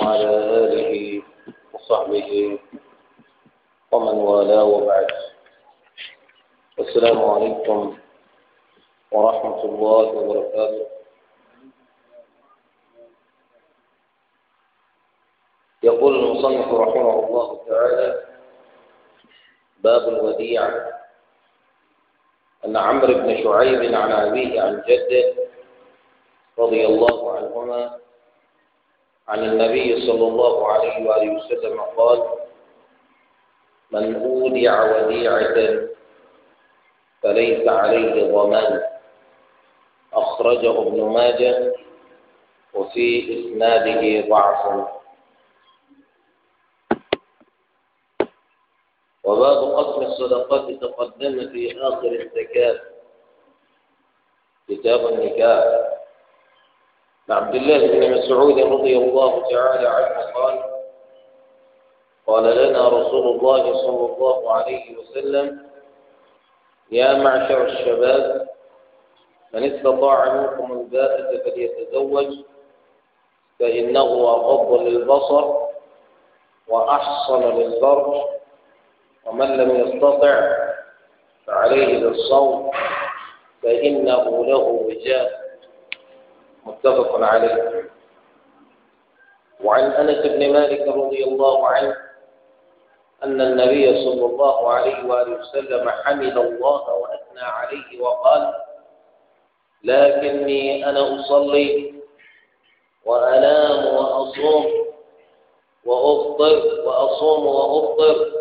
وعلى آله وصحبه ومن والاه وبعد السلام عليكم ورحمة الله وبركاته يقول المصنف رحمه الله تعالى باب الوديعه أن عمرو بن شعيب عن أبيه عن جده رضي الله عنهما عن النبي صلى الله عليه وآله وسلم قال من أودع وديعة فليس عليه ضمان أخرجه ابن ماجه وفي إسناده ضعف وباب قسم الصدقات تقدم في آخر الزكاة كتاب النكاح عبد الله بن مسعود رضي الله تعالى عنه قال قال لنا رسول الله صلى الله عليه وسلم يا معشر الشباب من استطاع منكم الباءة فليتزوج فإنه أغض للبصر وأحصن للفرج ومن لم يستطع فعليه بالصوم فإنه له وجاء متفق عليه وعن أنس بن مالك رضي الله عنه أن النبي صلى الله عليه وآله وسلم حمد الله وأثنى عليه وقال لكني أنا أصلي وأنام وأصوم وأفطر وأصوم وأفطر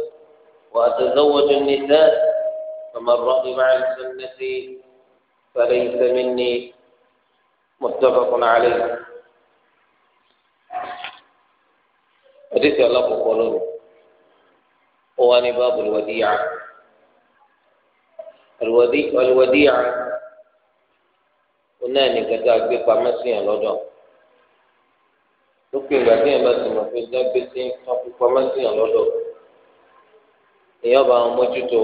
وأتزوج النساء فمن رغب عن سنتي فليس مني متفق عليه حديث الله قولون هو باب الوديعة الوديعة الوديعة náà ní kẹtẹ agbé pamẹ sí yẹn lọ́dọ̀ lókè ìgbà tí yẹn bá ti mọ pé dágbé èèyàn bá wọn mójútó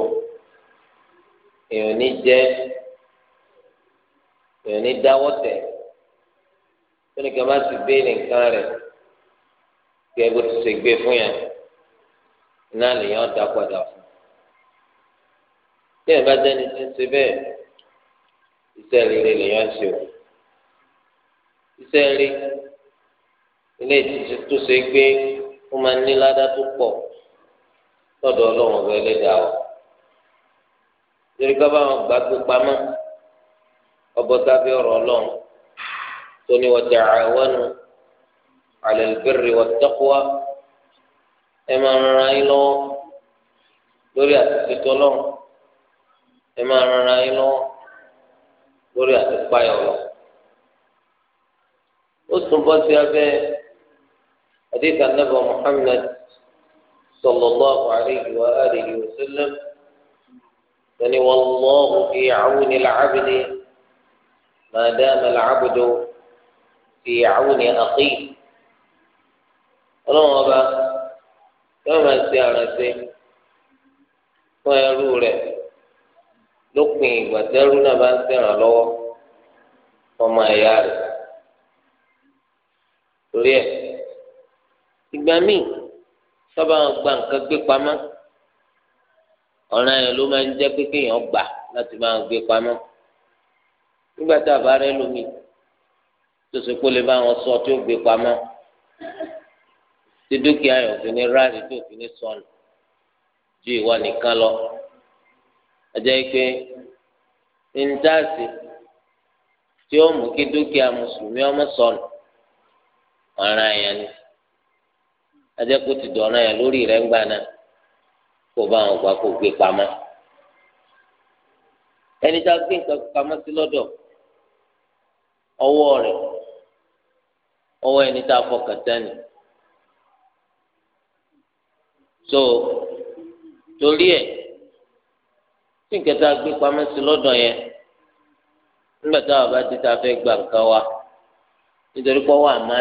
èèyàn ní jẹ èèyàn ní dáwọ́ tẹ̀ tónìkan bá ti béèrè nǹkan rẹ̀ kí ẹgbẹ́ tó ṣe gbé fún yẹn náà lèèyàn dá padà fún téèyàn bá dẹni tí ń ṣe bẹ́ẹ̀ iṣẹ́ rere lèèyàn ṣe o iṣẹ́ rere ilé ìtúsí tó ṣe gbé ó máa ń ní ládá tó pọ̀ sọ́dọ̀ Ọlọ́run ọbẹ Ẹlẹ́dàá o torí ká bá wọn gbàgbé pamọ́ ọbọ sábẹ́ ọ̀rọ̀ Ọlọ́run tó ní wa ta'awanu 'ala al-birri wat-taqwa ẹ máa ń yín lọ́wọ́ lórí àtúnṣe tọlọ́run ẹ máa ń yín lọ́wọ́ lórí àtúnpáyọ lọ ó tún bọ́ sí abẹ́ hadith Ànábì Muhammad. صلى الله عليه وآله وسلم يعني والله في عون العبد ما دام العبد في عون أخيه ọlọ́run ọba yóò máa ṣe àrànṣe fún ẹrú rẹ̀ lópin ìgbà tẹ́rú náà bá ń ṣèrànlọ́wọ́ ọmọ ẹ̀yà rẹ̀ torí ẹ̀ ìgbà míì sábà gba nǹkan gbé pamọ́ ọ̀ràn yẹn ló máa ń jẹ́ pé kéèyàn gbà láti máa gbé pamọ́ nígbà tá a bá rẹ lómi tó ṣe kó lè bá wọn sọ tí ó gbé pamọ́ tí dúkìá yẹn òfin ní ráàlì tí òfin ní sọnù ju ìwà nìkan lọ ajá pé ntaasi tí ó mú kí dúkìá mùsùlùmí ọmọ sọnù ọ̀ràn yẹn ni. ajẹ́ kó ti yẹn lórí rẹ̀ ń gbà náà kó bá ọgbà kó gbé pamọ́ ẹni tá a gbé nǹkan pamọ́ sí lọ́dọ̀ ọwọ́ rẹ̀ ọwọ́ ẹni tá a fọkàn so torí ẹ̀ tí nǹkan tá a gbé pamọ́ sí lọ́dọ̀ yẹn nígbà táwọn bá ti ta fẹ́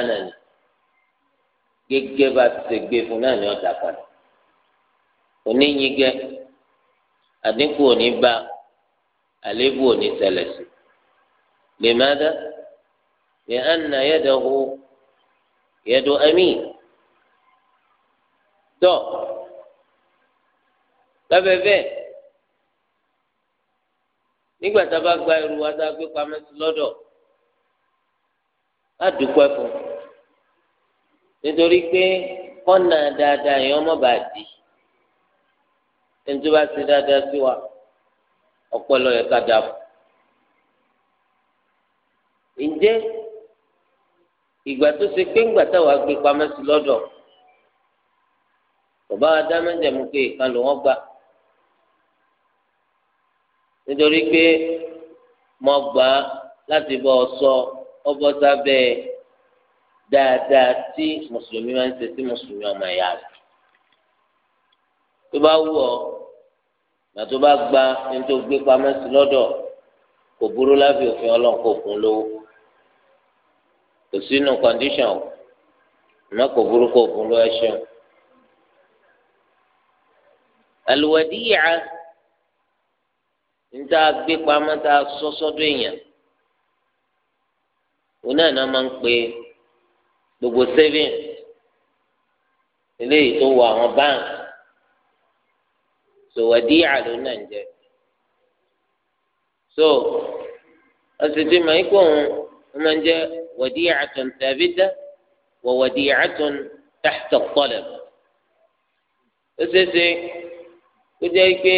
ni. gẹ́gẹ́ bá ti ṣe gbé fún náà ni ọjà padà oníyingẹ àdínkù òní bá àléébù òní ṣẹlẹ̀ sí lèmádá lè ànà yẹdẹwò yẹdọ ẹmí tọ lábẹbẹ nígbà tá a bá gba ẹrù wa tá a gbé pamẹ́ sí lọ́dọ̀ á dúpẹ́ fún nítorí pé kọ́nà dáadáa yẹn ọmọ bá di ẹni tó ṣe dáadáa sí wa ọpẹ́ ló ká dá fún. ǹjẹ́ ìgbà tó ṣe pé ńgbà táwa gbé pamọ́ sí lọ́dọ̀ bàbá wa dá mẹ́jẹ̀mú pé ìkan ló wọ́n gbà nítorí pé mo gbà láti bọ́ ọ sọ ọ bọ́ sábẹ́ ẹ dáadáa tí mùsùlùmí máa ń ṣe sí mùsùlùmí ọmọ ẹ̀yà rẹ̀ tó bá wù ọ́ nà tó bá gba ní tó gbé pamọ́ sí lọ́dọ̀ kò burú lábẹ́ òfin ọlọ́run kò fún lówó kò sínú kọ́ndíṣàn o kò burú kò fún lówó ẹṣin o. àlùwẹ̀díyà ní tá gbé pamọ́ tá a sọ èèyàn òun náà náà máa ń pè é gbogbo savings eléyìí tó wọ àwọn bank so wàdíyà ló náà ń jẹ so ọsibí ma ikú òun wọn ń jẹ wàdíyà tún tàbí dá wọ wàdíyà tún tàhtà tọlẹ ó ṣeéṣe ó jẹ́ pé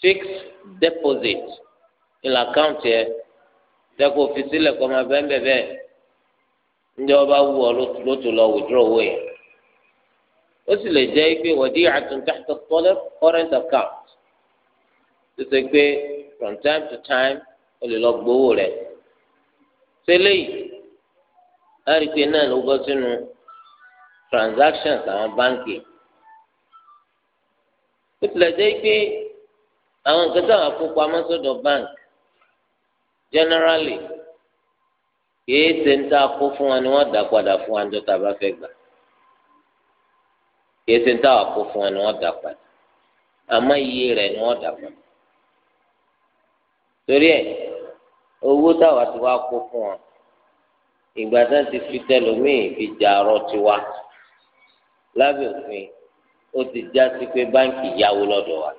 fixed deposit ìlà account yẹ jẹ́ kó fi sílẹ̀ kó máa bẹ́ẹ̀ bẹ́ẹ̀ bẹ́ẹ̀ ǹjẹ́ ọba wù ọ ló tó lọ withdraw owó yẹn ó sì lè jẹ́ pé wadi'atun tahta at current account tó pé from time to time ó lè lọ gbowó rẹ̀ tẹ́lẹ̀ yìí á rí i pé náà ló bọ́ sínú transactions àwọn báńkì ó tilẹ̀ jẹ́ pé àwọn nǹkan táwọn àkópamọ́ sọ́dọ̀ bank generally kìí ṣe ń tá a kó fún wa ni wọ́n dá padà fún wa níjọ́ tá a bá fẹ́ gbà kìí ṣe ń tá a kó fún wa ni wọ́n dá padà àmọ́ iye rẹ̀ ni wọ́n dá padà torí ẹ̀ owó táwa ti wá kó fún wa ìgbà tá a ti fi tẹlómìn fi jà arọ́ tiwa lábẹ́ òfin ó ti já sí pé báńkì yáwó lọ́dọ̀ wa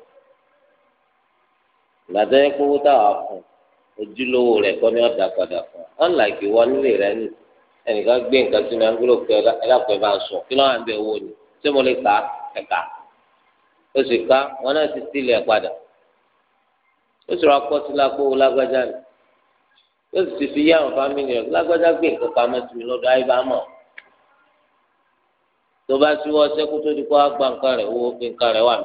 ìgbà tó yẹ kó owó táwa fún un ojúlówó rẹ̀ kọ́ ni ọ̀dà padà fún un unlike ìwọ nílé rẹ ní ẹnìkan gbé nǹkan sínú angolóòfù ẹlẹ́pẹ́ bá sọ kí ló ń owó ni ṣé mo lè kà á ẹ̀ka ó sì ká wọn náà ti sílẹ̀ padà ó sì rọ akọ́sílá pé owó lágbájá ni ó sì fi yá àwọn fámìlì rẹ lágbájá gbé nǹkan pamọ́ sí mi lọ́dọ̀ ayé bá mọ̀ tó bá sí wọ́n ṣẹ́kú tó di kó á gba nǹkan rẹ̀ owó nǹkan rẹ̀ wà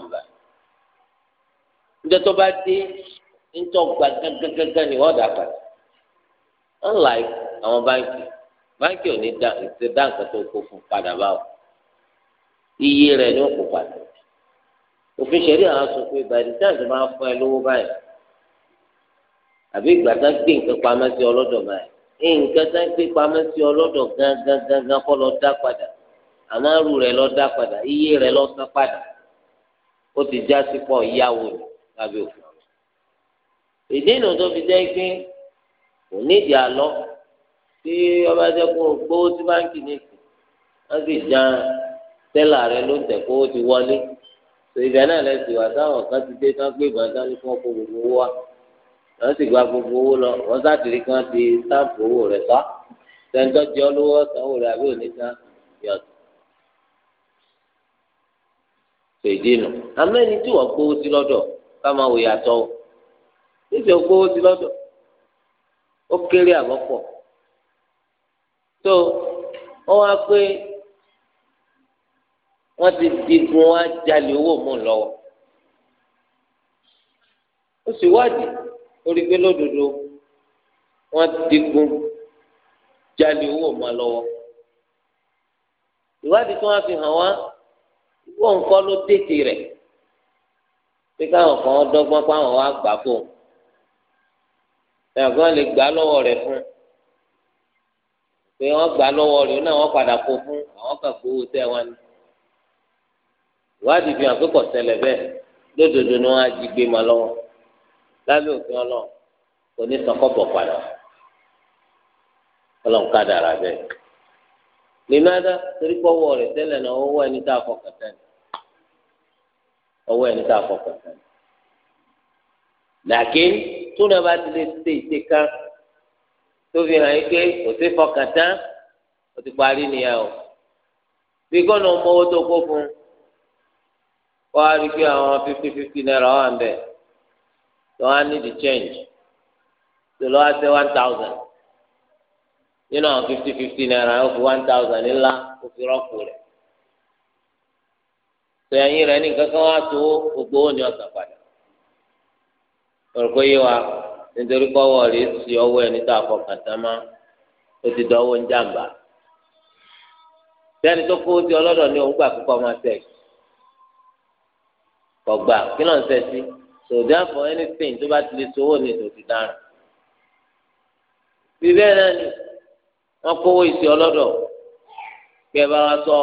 ńtọ́ gba gángangangan ni wọ́n dà padà unlike àwọn báńkì báńkì ò ní dá ìṣe dá nǹkan tó kó fún padà báwò iye rẹ̀ ni ó kó padà òfin ṣẹlẹ̀ àwọn sọ pé bàdí táàgì máa fún ẹ lówó báyìí àbí ìgbà tá gbé nǹkan pamọ́ sí ọlọ́dọ̀ báyìí nǹkan tá gbé pamọ́ sí ọlọ́dọ̀ gángan gángan kọ́ lọ dá padà àmọ́ arú rẹ̀ lọ dá padà iye rẹ̀ lọ san padà ó ti já sí pọ̀ ìyàwó lábẹ́ òfin ìdí ìnù tó fi jẹ́ pé kò nídìí àlọ́ tí ọba jẹ́ kó gbówó sí báńkì nìkan wọ́n sì já tẹ́là rẹ ló ń tẹ̀ kó o ti wọlé ìbẹ̀ náà lẹ́sìn wá táwọn kan ti dé tán gbé ìbọn dání fún ọkọ̀ gbogbo owó wa wọ́n sì gba gbogbo owó lọ wọ́n sátìrí kan ti sáàpù owó rẹ̀ sá sẹ́ńtọ́ jẹ́ olówó sanwó rẹ̀ àbí òní tán yọ̀tọ̀. ṣèdínù amẹ́ni tí wọ́n gbówó sí lọ́dọ̀ ká máa wò yàtọ̀ níbi ògbówó sí lọ́dọ̀ ó kéré àbọ̀pọ̀ tó wọ́n wá pé wọ́n ti digun wá jalè owó mú lọ́wọ́ ó sì wádìí orí pé lódodo wọ́n digun jalè owó mú lọ́wọ́ ìwádìí tí wọ́n fi hàn wá wọ́n ń kọ́ ló tètè rẹ̀ pé káwọn kan dọ́gbọ́n pé àwọn wá gbà fóun. ẹ̀gbọ́n le gbà lọ́wọ́ rẹ̀ fún pé wọ́n gbà lọ́wọ́ rẹ̀ náà wọ́n padà kó fún àwọn kan kó owó tẹ́ wọn ni ìwádìí fi hàn pé kò ṣẹlẹ̀ bẹ́ẹ̀ lódodo ni á jí ma lọ́wọ́ lábẹ́ òfin ọlọ́run kò ní sọkọ́bọ̀ padà ọlọ́run ká dára bẹ́ẹ̀ lèmádá torí pé ọwọ́ rẹ̀ tẹ́lẹ̀ náà ọwọ́ ẹni tá a fọkàn tán ọwọ́ ẹni làkín tó náà bá ti lè ṣe ìṣe kan tó fi hàn yín pé kò sí fọkàn tán ó ti parí nìyẹn o bí gọ́nà mọ́wó tó kó fún un wọ́n á rí i pé àwọn fifty fifty naira wà ń bẹ̀ tó wá ní the change tó lọ́wọ́ ṣe one thousand nínú àwọn fifty fifty naira ó fi one thousand ńlá ó fi rọ́pò rẹ̀ tẹ̀yìn rẹ̀ ní kankan wá tó gbogbo ó ní ọ̀sán padà orúkọ yé wa nítorí pọ́wọ́ rẹ̀ sí ọwọ́ ẹni tó àfọkàtà má ó ti dánwó ń jàǹbá sẹ́ni tó kó ti ọlọ́dọ̀ ní òun gbà púpọ̀ máa tẹ̀ kọ̀gbà kí ló ń sẹ́ sí so therefore anything tó bá ti lè sowó ni tó ti dára bí bẹ́ẹ̀ náà ni wọ́n kówó ìsì ọlọ́dọ̀ kí ẹ bá wa sọ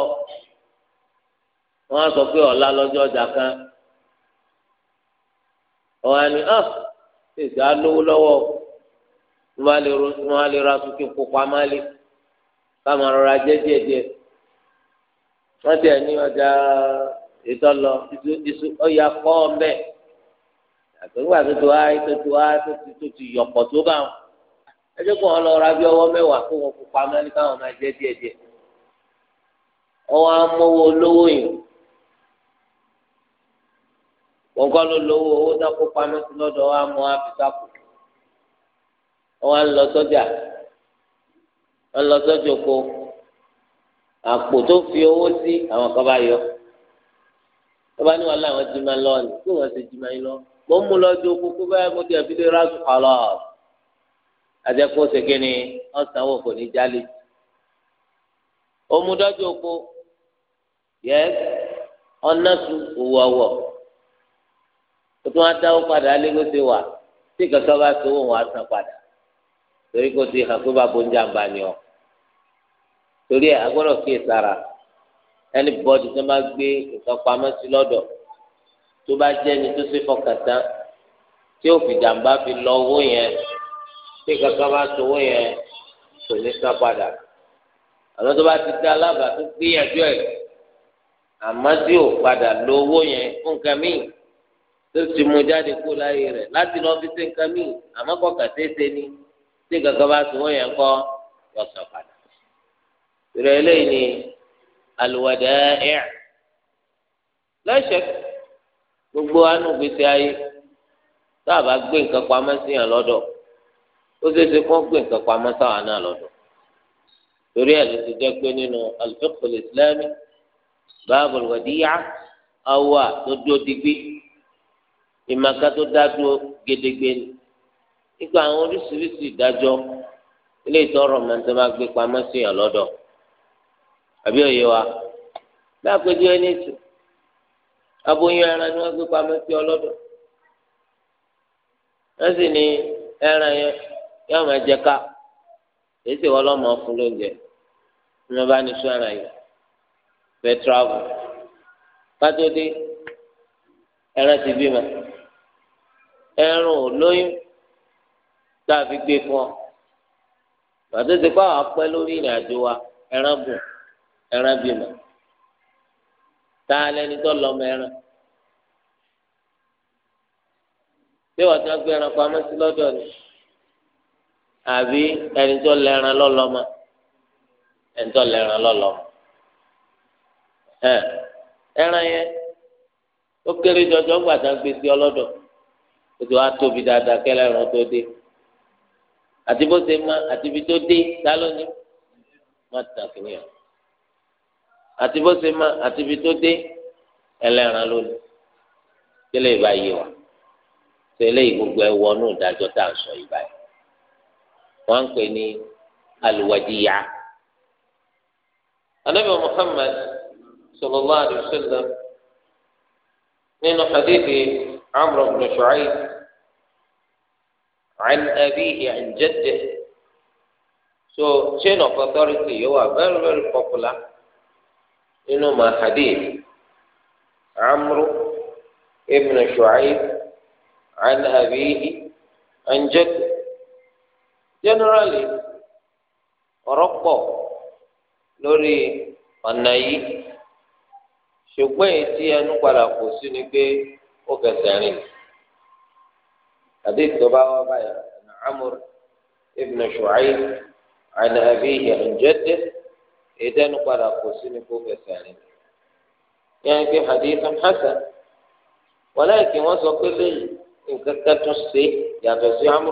wọ́n á sọ pé ọ̀la lọ́jọ́ ọjà kan Ọha ni ọ́ ṣèṣe alówó ah, lọ́wọ́ wọ́n á lè ra tuntun kó pamọ́ lé káma rọra jẹ́ díẹ̀díẹ̀ wọ́n tiẹ̀ ní ọjà ètò lọ iṣu ọ̀yà kọ́ ọ mbẹ́ àtẹ̀wé àtẹ̀tẹ̀ wá àtẹ̀tẹ̀ wá tó yọ̀pọ̀ tó bá wọn kó wọn lọ ra bí kó wọn káwọn jẹ́ ọwọ́ wọn kọ́ ló lówó owó tó kó pamọ́ sí lọ́dọ̀ wa mọ́ àfisákò wọn á lọ sọ́jà wọn lọ sọ́jà oko àpò tó fi owó sí àwọn kan bá yọ wọn bá ní wọn láwọn ti máa lọ ni kí wọn ti ti máa lọ mo ń mú lọ́jọ́ oko kó bá mo ti ẹ̀fídé rásù kọlọ àjẹkọ́ ṣèké ni wọn sanwó kò ní jálè ó mú dọ́jọ́ oko yẹ ọ́nà tún òwò ọ̀wọ̀ o tún wá dáwó padà lé bó ṣe wà tí kankan bá sọ wọn wá san padà torí kò sí hàn pé bá bonjà ń bá ní ọ torí ẹ agbọ́dọ̀ kí ìsara ẹni bọdù tó máa gbé nǹkan pamọ́ sí lọ́dọ̀ tó bá jẹ ẹni tó ṣe fọkàn tán tí ó fi jàǹbá fi lọ owó yẹn tí kankan bá sọ owó yẹn kò ní san padà àwọn tó bá ti dá alábàá tó gbìyànjú ẹ àmọ́ tí ò padà lo owó yẹn fún nǹkan tó ti mú jáde kó láyé rẹ̀ láti lọ fi ṣe nǹkan míì àmọ́ kọ̀ọ̀kan ṣeéṣe ni tí kankan bá sùn wọ́n yẹn kọ́ yọ sọ padà. ìrẹ̀ eléyìí ni alwadai' lẹ́sẹ̀ gbogbo anú gbèsè ayé tá a bá gbé nǹkan pamọ́ sí yàn lọ́dọ̀ ó ṣeéṣe kó gbé nǹkan pamọ́ sáwà náà lọ́dọ̀ torí ẹ̀ ló ti jẹ́ pé nínú al-fiqh al-islami báàbù tó dúró digbí. ìmàkà tó dájú gédégbé ni nípa àwọn oríṣiríṣi ìdájọ́ ilé ìtọrọ mọtò máa gbé pamọ́ sí yàn lọ́dọ̀ àbí òye wa lápẹjọ ẹni sùn aboyún ẹran ni wọ́n gbé pamọ́ sí ọlọ́dọ̀ wọ́n sì ní ẹran yẹn yóò máa jẹ ká èyí sì wọ́n lọ́mọ fún lóúnjẹ ní wọ́n bá ní sún ẹran ẹran olóyún tá a fi gbé fún ọ pàtó ti pa àwọn apẹ lórí ìrìn àjò wa ẹran bùn ẹran bímọ tá a lẹni tó lọmọ ẹran tí wọn ti ń gbé ẹran pamọ́ sí lọ́dọ̀ ni àbí ẹni tó lẹran lọlọmọ ẹni tó lẹran lọlọmọ ẹran yẹn ó kéré jọjọ gbàdá gbèsè ọlọdọ. ó ti wá tóbi dáadáa kẹlẹ ìrún tó dé àti bó ṣe má àti ibi tó dé dá lónìí má tà kìnìyà àti bó ṣe má àti ibi tó dé ẹlẹ́ran lónìí kẹlẹ ìbá yé wa tẹ́lẹ̀ gbogbo ẹ wọnú ìdájọ́ tá à sọ yìí báyìí wọn ń pè ní aluwadiya anabi muhammad sallallahu alaihi wasallam nínú hadithi. عمرو بن شعيب عن أبيه so chain of authority very very popular amru ibn shu'aib an abihi generally ọ̀rọ̀ lórí ọ̀nà yìí ṣùgbọ́n èyí tí ẹnu ó fẹsẹ̀ rìn àdéhùn tó bá wá báyà ibn shu'aib àná abiyihi ànjẹ́dẹ́ ìdẹ́nu padà kò sí ní kó fi hasan wọ́n sọ pé nǹkan kan tún ṣe yàtọ̀ sí ibn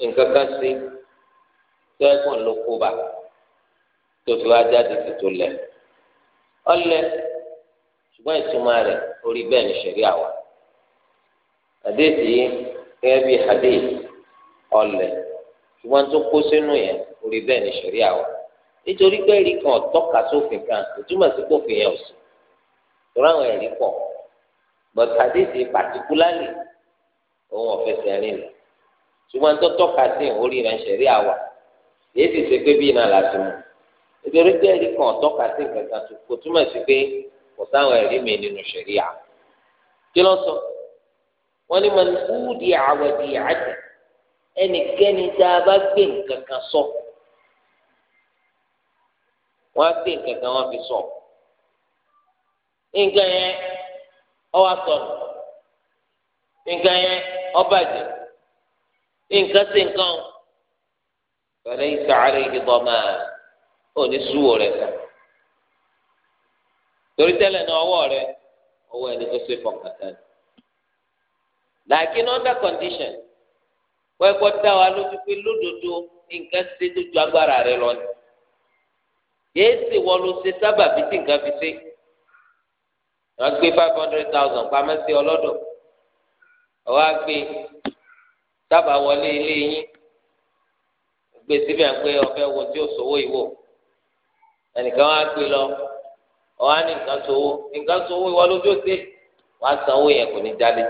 nǹkan kan ṣe ló kó bá tó fi wá ṣùgbọ́n ìtumọ̀ rẹ̀ orí bẹ́ẹ̀ ni ṣẹ̀rí àwa. àdéhìí gẹ́gẹ́ bí hadith ọ̀lẹ̀ ṣùgbọ́n tó kó sínú yẹn orí bẹ́ẹ̀ ni ṣẹ̀rí àwa. nítorí pé ẹ̀rí kan ọ̀tọ́ka sófin kan ìtumọ̀ sí kófin yẹn ò sí. torí àwọn ẹ̀rí pọ̀ but hadith particularly òun ọ̀fẹ́sẹ̀ rìn lọ. ṣùgbọ́n tó tọ́ka sí orí rẹ̀ ṣẹ̀rí àwa. èyí sì ṣe pé bí iná làásì nítorí pé ẹ̀rí kan ọ̀tọ́ka sí nǹkan kan kò túmọ̀ sí pé kò sáwọn ẹ̀rí mi nínú ṣẹ̀ríà kí ló sọ wọ́n ní mọ̀ ní kúùdì àwẹ̀dì àjẹ́ ẹnikẹ́ni tá a bá gbé nǹkan kan sọ wọ́n á gbé nǹkan kan wọ́n fi sọ nǹkan yẹn ọwọ́ sọnù nǹkan yẹn ọbàjẹ́ nǹkan sí nǹkan pẹ̀lú ìsàárẹ̀ ìdìbọ̀mọ́ ò ní súwò rẹ̀ sàn torí tẹ́lẹ̀ náà ọwọ́ rẹ ọwọ́ ẹni tó ṣe fọkàtà ni làákín under condition wọ́n ẹ̀kọ́ dá wa lójú pé lódodo nǹkan ṣe tó ju agbára rẹ lọ ni yéé sì wọ́n ló ṣe sábà bí tí nǹkan fi ṣe wọ́n gbé five hundred thousand pamẹ́ sí ọlọ́dọ̀ ọwọ́ àgbẹ̀ sábà wọlé ilé yín gbé síbẹ̀ pé ọ̀fẹ́ wo tí ó sọ̀wọ́ ìwò ẹnìkan wá gbé lọ ọwọ́ á ní nǹkan sówó nǹkan sówó ìwọ lójú òde wàá san owó yẹn kò ní jáde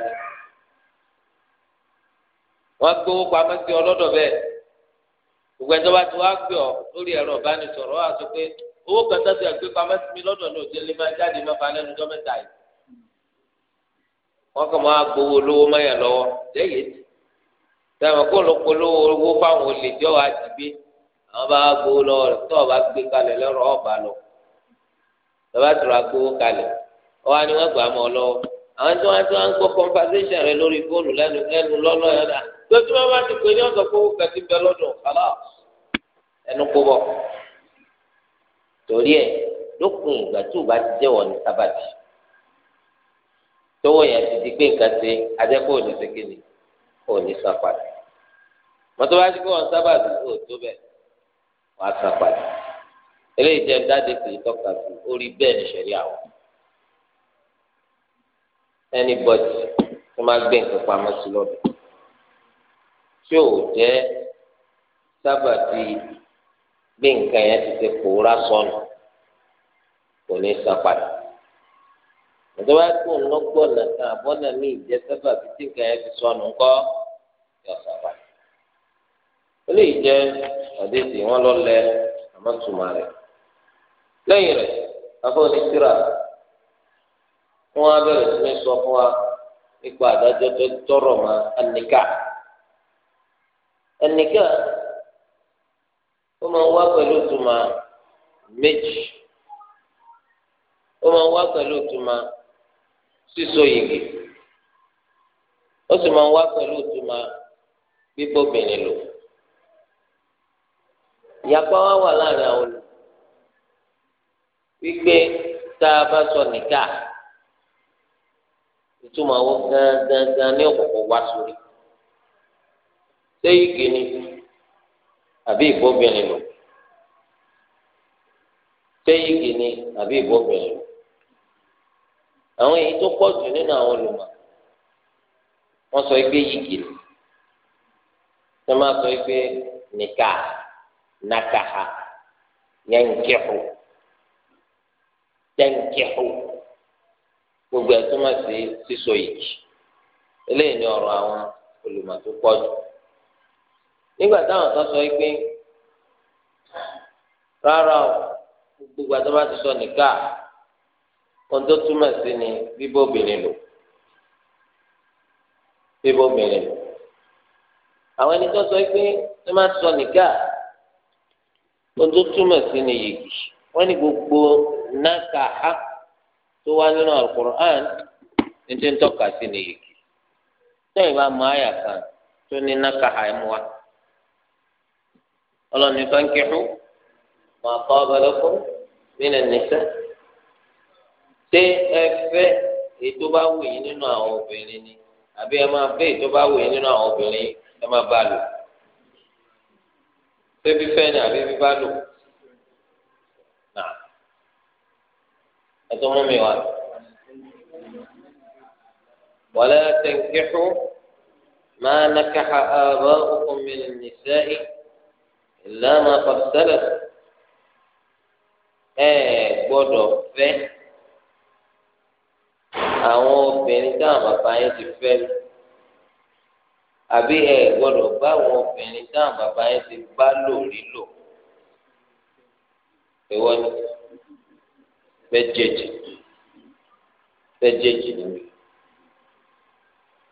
wọ́n gbowó pamọ́ sí ọlọ́dọ̀ bẹ́ẹ̀ gbogbo ẹjọ́ bá ti wá gbé ọ lórí ẹ̀rọ ìbánisọ̀rọ̀ wà sọ pé owó kan tó ti gbé pamọ́ sí mi lọ́dọ̀ náà òjèlé máa jáde máa balẹ̀ nu dọ́mẹ́ta yìí wọ́n kàn máa gbowó lówó mọ́yà lọ́wọ́ lẹ́yìn tí sẹ́wọ̀n kó ló polówó owó fáwọn olè jọ́ wa ti gbé àwọn bá gbowó lọ́wọ́ tó o gbé kalẹ̀ lọ́rọ̀ ọ̀bà lọ́wọ́. bàbá tura gbowó kalẹ̀ ọwọ́ ni wọ́n gbà mọ́ lọ́wọ́ àwọn tí wọ́n ti ń rẹ lórí fóònù lẹ́nu lẹ́nu lọ́lọ́ yẹn náà lójú bá ti pè ní ọ̀sán kówó kàti bẹ lọ́dún kálá ẹnu kó torí ẹ lókun ìgbà tí o bá ti eléyìí tẹ dáadé kìí tọ́ka sí orí bẹ́ẹ̀ ní sẹ̀rí àwọn anybody tó máa gbé nǹkan pamọ́ sí lọ́dọ̀ tí ò jẹ́ sábà ti gbé nǹkan yẹn ti ṣe pòórá sọnù kò ní san padà àti wáyé kó ń lọ́gbọ́n nàkan àbọ́nà mi ìjẹ́ sábà ti tí nǹkan yẹn ti sọnù ńkọ́ yọ san eléyìí jẹ́ àdéhùn wọn lọ lẹ àmọ́ tùmọ̀ rẹ̀. lẹ́yìn rẹ̀ afọ onítìrà wọn abẹrẹ sí ní sọ fún wa nípa àdájọ́ tó tọrọ ma ẹnìkà ẹnìkà ó máa ń wá pẹ̀lú ìtumọ̀ méjì ó máa ń wá pẹ̀lú ìtumọ̀ sísọ yìgì ó sì máa ń wá pẹ̀lú lò wa wà láàrin wípé tá a bá sọ nìkà ìtumọ̀ owó gángan ní òkùnkùn wá sórí ṣé igi ni àbí ìbóbìnrin lò ṣé igi ni àbí ìbóbìnrin lò àwọn èyí tó pọ̀ jù nínú àwọn olùmọ̀ wọ́n sọ pé igi ni wọ́n máa sọ pé nìkà nàkàhà yẹn ń kẹ́kọ̀ọ́ tẹ́ǹkìhù gbogbo ẹ̀ túmọ̀ sí sísọ yìí eléyìí ni ọ̀rọ̀ àwọn olùmọ̀ tó pọ̀ jù nígbà táwọn kan sọ pé rárá o gbogbo àti bá ti sọ nìkà ohun tó túmọ̀ sí ni bíbó obìnrin lò bíbó obìnrin lò àwọn ẹni tó sọ pé ẹ má sọ nìkà ohun tó túmọ̀ sí ni yìí wọ́n ní gbogbo nakaha tó wá nínú alukur'an ní tí ń tọ́ka sí ni yìí sẹ́yìn bá mọ àyà kan tó ní nakaha ẹ̀ mú wa ọlọ́ni fankihu ma taba lakum minan nisa ṣé ẹ fẹ́ ètò bá wù yín nínú àwọn obìnrin ni àbí ẹ máa fẹ́ ètò bá wù yín nínú àwọn obìnrin ẹ máa bá lò ṣé fífẹ́ ni àbí fífá lò. ẹtọ mú mi wá wàlẹ́ tẹ̀kẹ́fù máa nàkàhà àbá òkun mi nìṣẹ́ ìlànà pàṣẹlẹ̀ ẹ gbọ́dọ̀ fẹ́ àwọn obìnrin táwọn bàbá yẹn ti fẹ́ àbí ẹ gbọ́dọ̀ bá àwọn obìnrin táwọn bàbá yẹn ti bá lò rí lò ìwọ ni. méjèèjì méjèèjì níbi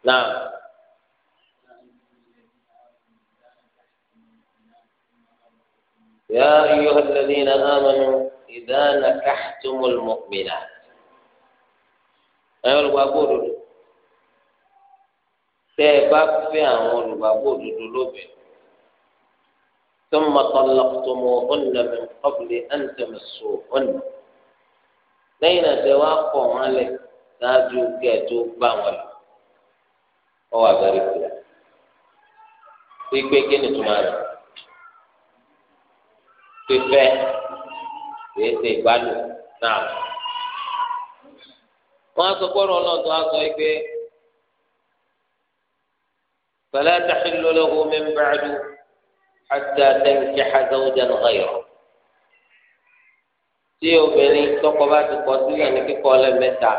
náà. يا أيها الذين آمنوا إذا نكحتم المؤمنات أيها الوابود تباب في أمور الوابود لبن ثم طلقتموهن من قبل أن تمسوهن lẹ́yìn náà tẹ wá kọ̀ wọ́n lẹ̀ ṣáájú kẹ́ ẹ tó bá wọn lò ọ wà bẹ̀rẹ̀ fìlà pípé kí ni tuma rẹ̀ fífẹ́ kìí ṣe ìgbádùn náà wọ́n á sọ kọ́rọ̀ ọlọ́dún á sọ pé fala tahillu lahu min ba'du hatta tankiha zawjan ghayrahu tí obìnrin tọkọ bá ti kọ sílẹ̀ ní kíkọ lẹ́mẹ́ta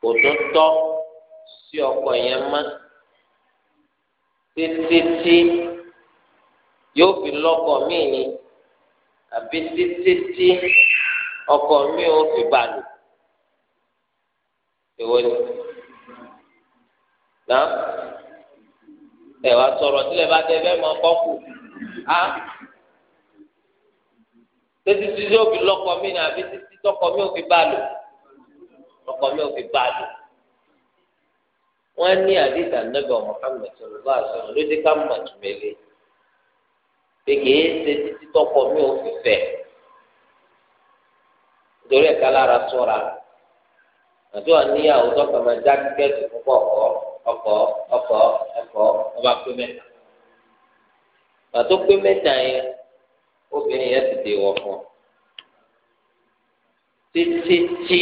kò tó tọ́ sí ọkọ yẹn mọ́ títí yóò fi lọ́kọ míì ni àbí títí tí ọkọ míì ó fi bà lò èwo ni náà ẹ wá sọ̀rọ̀ sílẹ̀ bá tẹ fẹ́ mọ kọ́kù á títí tí yóò fi lọ́kọ mi ní àbí títí tọkọ mi ò fi bá lò lọ́kọ mi ò fi bá lò. wọ́n ní àdìsá nẹ́bà Muhammad sọlọ́bà sọ̀rọ̀ ló dé ká mọ̀ tùmẹ̀lẹ́ pé kìí ṣe títí tọkọ mi ò fi fẹ́ nítorí ẹ̀ka lára sọ́ra àti wọn níyàwó tọkọ máa já kíkẹ́ẹ̀tì púpọ̀ ọkọ̀ ọkọ̀ ọkọ̀ ọkọ̀ ọba pé mẹ́ta pàtó pé mẹ́ta yẹn. obìnrin yẹn ti wọ fún títí tí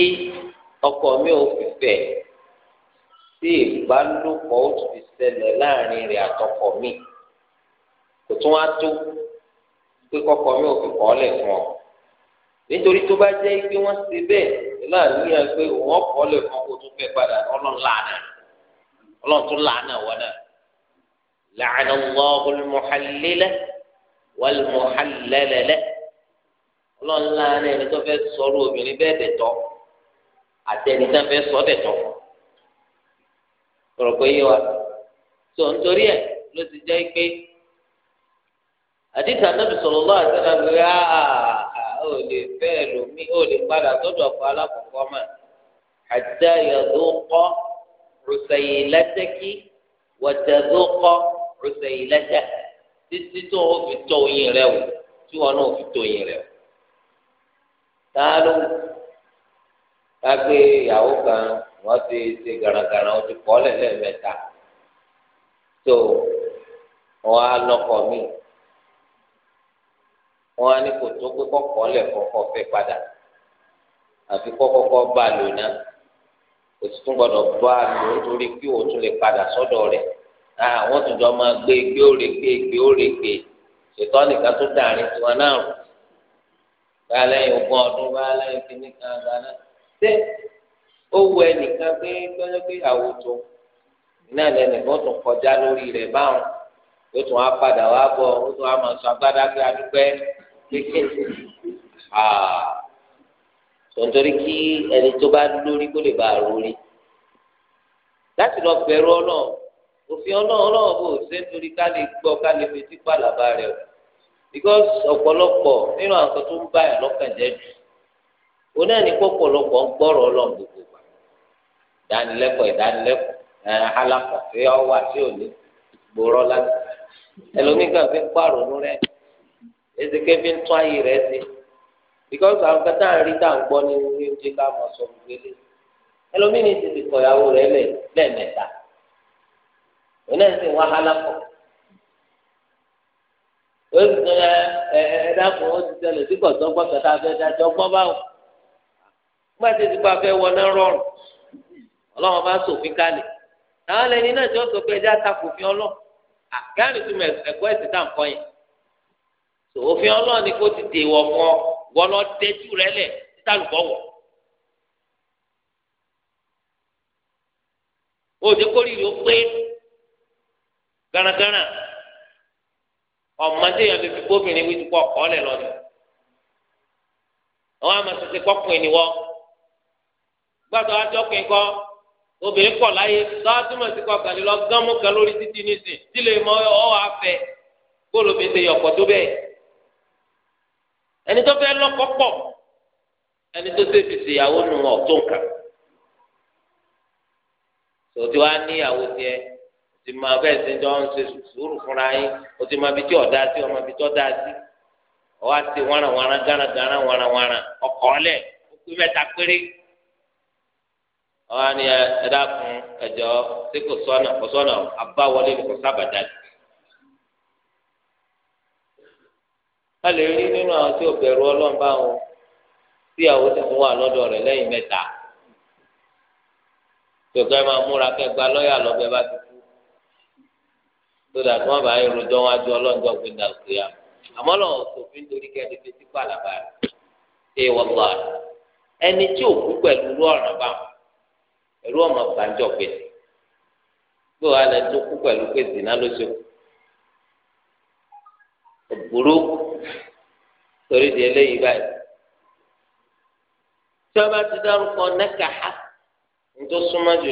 ọkọ mi ò fi fẹ́ tí ìbálòpọ̀ ó ti ṣẹlẹ̀ láàrin rẹ̀ àtọkọ mi kò tún wá tó pé kọkọ mi ò fi kọ́ ọ́ lẹ̀ fún ọ nítorí tó bá jẹ́ pé wọ́n ṣe bẹ́ẹ̀ والمحلل له ọlọ́run láàrin ẹni tó fẹ́ sọ̀rọ̀ obìnrin bẹ́ẹ̀ dẹ̀tọ́ àtẹni tó fẹ́ sọ dẹ̀tọ́ sọ̀rọ̀ pé yé wa tó nítorí ẹ̀ ló ti jẹ́ pé àdìsá nàbì sọ̀rọ̀ lọ́wọ́ àtẹnà pé ó lè fẹ́ lómi ó lè padà sọ́dọ̀ ọkọ̀ alákọ̀ọ́kọ́ mà àti àyàdókọ́ rùsẹ̀yìn lẹ́tẹ̀kí wọ̀tẹ̀dókọ́ rùsẹ̀yìn lẹ́tẹ̀kí títí tó o fi tọ́ oyin rẹ wò tí wọn náà fi tọ́ oyin rẹ wò tààlù kágbé ìyàwó kan wọn ti ṣe garagara wọn ti kọ́ lẹ́lẹ́ mẹ́ta tó wọn á lọ́kọ mi wọn á ní kò tó pé kọ́kọ́ lẹ̀ kọ́kọ́ fẹ́ padà àfi kọ́kọ́kọ́ bá lò náà kò sì tún gbọdọ̀ bá lò nítorí kí òun tún lè padà sọ́dọ̀ rẹ̀ àwọn tún jọ máa gbé gbé òrèké gbé òrèké ṣètò nìkan tó dàrin tiwọn náà rò báyà lẹ́yìn ogún ọdún báyà lẹ́yìn kìíní kan gbaná ṣé ó wù ẹnìkan pé gbọ́dọ̀ pé ìyàwó tó náà lẹ́nìkan tún kọjá lórí rẹ̀ báwọn ó tún á padà wá bọ̀ ó tún á máa sọ agbádá pé adúpẹ́ kékeré tòǹtòrí kí ẹni tó bá lórí kó lè bá a lórí láti lọ bẹ̀rù Ọlọ́run. òfin ọlọ́run ọlọ́run bò ṣe nítorí ká lè gbọ́ ká lè fetí pàlàbà rẹ̀ o because ọ̀pọ̀lọpọ̀ nínú àwọn kan tó ń bá yàn lọ́kàn jẹ́ jù òun náà ní kó ọ̀pọ̀lọpọ̀ ń gbọ́rọ̀ ọlọ́run gbogbo wa ìdánilẹ́kọ̀ọ́ ìdánilẹ́kọ̀ọ́ alákọ̀ tí ó wà tí ò ní gbòòrọ̀ láti fi ń pààrọ̀ nú rẹ̀ ezeke fi ń tún ayé sí because àwọn kan tá ń rí oní ẹsìn wàhálà pọ ó ti ẹ ẹ ẹ dákun ó ti ṣẹlẹ̀ sí kọtọ gbọkàn tá a fẹ́ dájọ gbọ báwò nígbà tí ìdìbò afẹ́ wọná rọrùn Ọlọ́run bá ṣòfin kalẹ̀ táwọn lẹni náà tí wọn sọ pé ẹjẹ àtàkùnfin ọlọ àgáàrí tún mẹ ẹ̀kọ́ ẹsìn tá à ń kọ́ yẹn òfin Ọlọ́run ni kó ti dè wọ fún ọ wọn dẹjú rẹ lẹ títàlùbọ wọ. òde kórìí ló pé garagara ọmọdé yẹn lè fi bóbìnrin wí dúpọ̀ ọkọ lẹ̀ lọ́dún àwọn amọ̀sẹ̀sẹ̀ kọkùnrin ni wọ́n gbọ́dọ̀ adọ́kùnrin kọ́ obìnrin pọ̀ láyé lọ́dúnmọ̀ sí kọ́ kàlí lọ gánmú kan lórí títí nísìn tí lè mọ ọ́ afẹ́ bóòlù fi tó ẹni tó fẹ́ lọ́kọ́ ẹni tó ṣe wàá níyàwó ti ma bẹ́ẹ̀ ti jọ ń ṣe sùúrù fúnra yín o ti máa bi tí ọ̀dá sí ọmọ ibi tó dáa sí ọwọ́ àti wánawánà gánagánà wánawánà ọkọ̀ ọ̀lẹ̀ ó pé mẹ́ta péré ọwọ́ ni ẹ dákun ẹ̀jọ́ tí kò sọ́nà kò sọ́nà abáwọlé ni kò sábàdá sí. a lè rí nínú àwọn tí ò bẹ̀rù ọlọ́run bá wọn tí àwọn ti fún wa lọ́dọ̀ rẹ̀ lẹ́yìn mẹ́ta tòkẹ́ máa múra kẹ́ gba lọ́ọ̀yà lọ́bẹ̀ bá ti tó dà tí wọ́n bá yẹ rojọ́ wọn adé ọlọ́njọ́ pé ní àmọ́ lọ́wọ́ sòfin torí kẹ́ni fi sí pàlàbà ẹ wọ́n ẹni tí òkú pẹ̀lú irú ọ̀ràn bá wọn ẹ̀rú ọmọ bàjọ́ pèsè pé wàá lẹ tó kú pẹ̀lú torí di eléyìí báyìí tí wọ́n bá ti dárúkọ nẹ́kàá ń tó súnmọ́ jù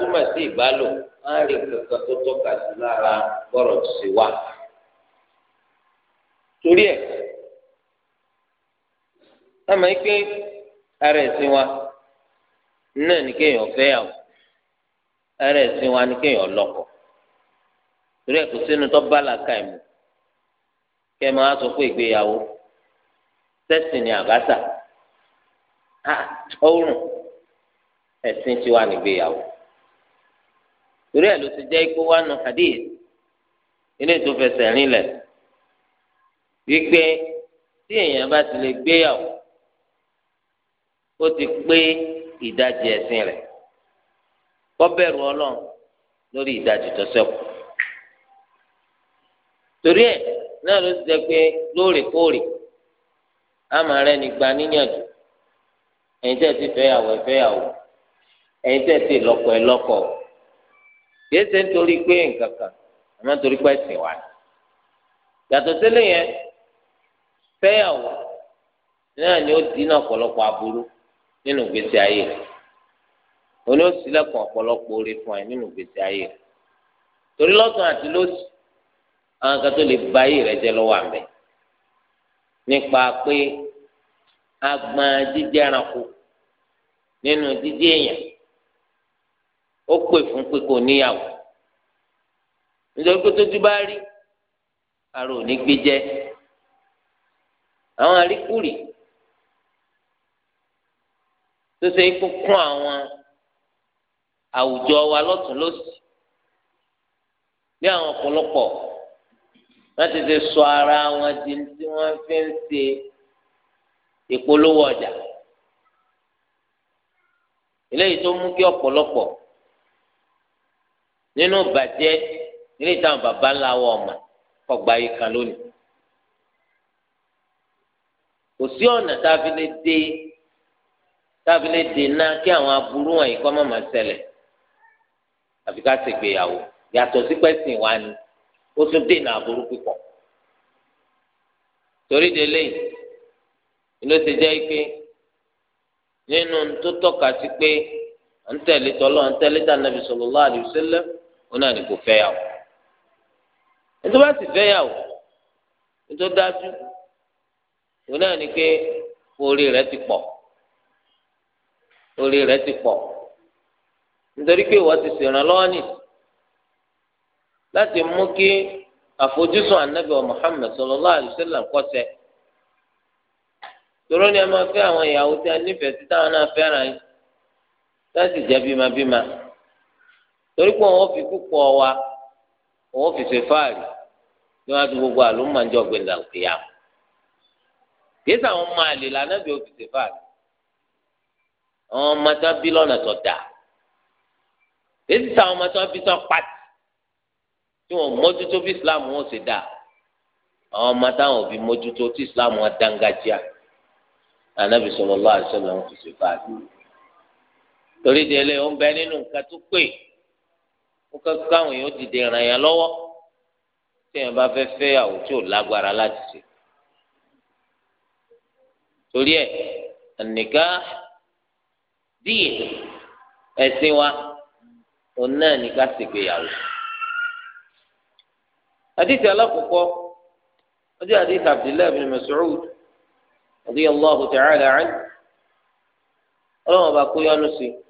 túmọ̀ sí ìbálò á rí kankan tó tọ́ka sí lára bọ́rọ̀ tó ṣe wà. torí ẹ̀ àmọ́ yìí pé ara ẹ̀sìn wa náà ní kéèyàn fẹ́yàwó ara ẹ̀sìn wa ní kéèyàn lọ́kọ torí ẹ̀ kò sínú tó kẹ́ ẹ máa sọ torí ẹ̀ ló ti jẹ́ ikú wá nu hadith ilé tó fẹsẹ̀ rinlẹ̀ wípé tí èèyàn bá ti lè gbéyàwó ó ti pé ìdajì ẹ̀sìn rẹ̀ kó bẹ̀rù Ọlọ́run lórí ìdajì tó ṣẹ́kù torí ẹ̀ náà ló ti jẹ́ pé lóòrèkóòrè àmọ́ rẹ̀ nígbà níyànjú ẹ̀yin tẹ́ ti fẹ́yàwó ẹ fẹ́yàwó ẹ̀yin ti lọ́kọ ẹ kìí ṣe nítorí pé nǹkan kan àmọ́ nítorí pé ẹ̀sìn wa ni yàtọ̀ sílẹ̀ yẹn fẹ́yàwó náà ni ó dínà ọ̀pọ̀lọpọ̀ aburú nínú ìgbésí ayé rẹ̀ òní ó ṣílẹ̀kùn ọ̀pọ̀lọpọ̀ oore fún ẹ nínú ìgbésí ayé rẹ̀ torí lọ́sàn àti lóṣù àwọn kan tó lè ba ayé rẹ̀ jẹ́ lọ́wọ́ àmì nípa pé agbọn jíjẹ́ ẹranko nínú jíjẹ́ èèyàn ó pè fún pé kò níyàwó nítorí pé tójú bá rí ara ò ní gbé jẹ àwọn àríkùrì tó ṣe é kún àwọn àwùjọ wa lọ́tún lọ́sì bí àwọn ọ̀pọ̀lọpọ̀ wọ́n ti ti sọ ara wọn di tí wọ́n fi ń ṣe ìpolówó ọjà eléyìí tó mú kí ọ̀pọ̀lọpọ̀ nínú bàjẹ́ nínú ìtàn bàbá ńlá wọ ọmọ ọgbà yìí kan lónìí kò sí ọ̀nà tábìlẹ̀ dé tábìlẹ̀ dé ná kí àwọn aburú wọn kọ́ mọ̀ máa àfi ká ṣègbéyàwó yàtọ̀ sí pẹ́sìn wa ni ó tún dènà aburú pípọ̀ torí délé ló ti jẹ́ pé nínú tó tọ́ka sí pé ó náà ní kò fẹ́yàwó ẹni tó bá sì fẹ́yàwó ẹni tó dájú ó náà ní pé orí rẹ̀ ti pọ̀ orí rẹ̀ ti pọ̀ nítorí pé ìwọ ti ṣèrànlọ́wọ́ nì láti mú kí àfojúsùn anabi wa Muhammad sallallahu alaihi wasallam kọsẹ̀ tòró ni a máa fẹ́ àwọn ìyàwó tí a nífẹ̀ẹ́ sí táwọn náà fẹ́ràn yìí láti jẹ́ bímabíma. Bima torí pé òun fi púpọ̀ wa òun fi ṣe fáàrí níwájú gbogbo àlùmọ̀jọ́ gbẹ̀dà òkèèyà kìí sàwọn ọmọ àlè lànàbí òun fi ṣe fáàrí àwọn ọmọ tó bí lọ́nà tó dà kìí sàwọn ọmọ tó bí tó pàtì tí wọn mójútó bí Islam wọn ṣe dà àwọn ọmọ táwọn òbí mójútó tí Islam wọn dángájíà lànàbí sallallahu alaihi wasallam wọn fi ṣe fáàrí torí délé ó ń bẹ nínú nǹkan tó pè é ó kẹ́kọ̀ọ́ àwọn èèyàn dìde ràn yẹn lọ́wọ́ tí èèyàn bá fẹ́ fẹ́ àwò tí ò lágbára láti ṣe. torí ẹ ẹnìká díì ẹ̀sìn wa òun náà ní ṣègbéyàwó. àdìsí alákòókò ọjọ́ àdìsí Abdullahi bin Mas'ud radiyallahu ta'ala anhu ọlọ́run ọba kó yọnu sí i.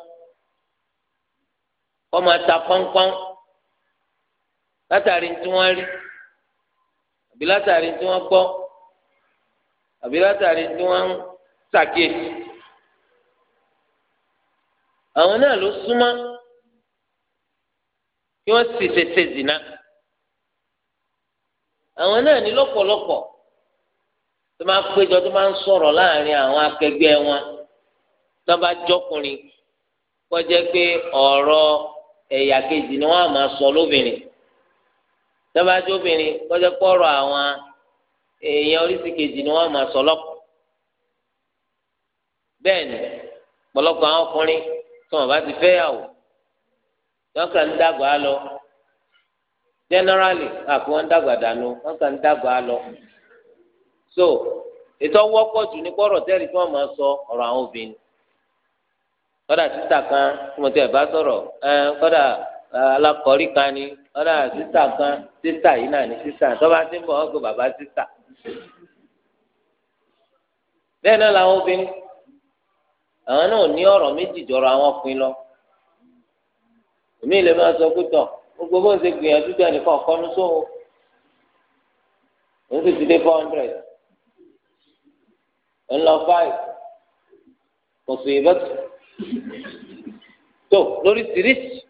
wọ́n máa ta pọ́npọ́n látàrí tí wọ́n rí àbí látàrí tí wọ́n gbọ́ àbí látàrí tí wọ́n ń ṣàkíyèsí. àwọn náà ló súnmọ́ kí wọ́n sì tètè zìnà àwọn náà ní lọ́pọ̀lọpọ̀ tó máa péjọ tó máa ń sọ̀rọ̀ láàrin àwọn akẹgbẹ́ wọn tó bá jọkùnrin kọjá pé ọ̀rọ̀ ẹ̀yà kejì ni wọ́n á máa sọ lóbìnrin tọ́bájú obìnrin kọjá pọ̀rọ̀ àwọn èèyàn oríṣi kejì ni wọ́n á máa sọ lọ́pọ̀ bẹ́ẹ̀ ni pọ̀lọpọ̀ àwọn ọkùnrin tí wọ́n bá ti fẹ́ yàwó wọ́n kàn ń dàgbà lọ generally àfi wọ́n ń dàgbà dànù wọ́n ń dàgbà lọ so ètò wọ́pọ̀ jù ní pọ̀rọ̀ tẹ́lẹ̀ tí wọ́n máa sọ ọ̀rọ̀ àwọn obìnrin kọ́dà sísà kan tí mo ti ẹ̀ bá sọ̀rọ̀ kọ́dà alákọ̀ọ́rí kan ni kọ́dà sísà kan sísà yìí náà ni sísà tọ́ba ti ń bọ̀ ọ́ gbé bàbá sísà. bẹ́ẹ̀ náà làwọn obìnrin àwọn náà ní ọ̀rọ̀ méjì jọrọ àwọn ọkùnrin lọ èmi ìlẹ̀ máa sọ pé tọ̀ gbogbo bó ń ṣe gbìyànjú bí ẹnìkan kọ́nu sóhun òun sì ti dé four hundred ń five kò sí ìbẹ́tù tó lórí tìrìsì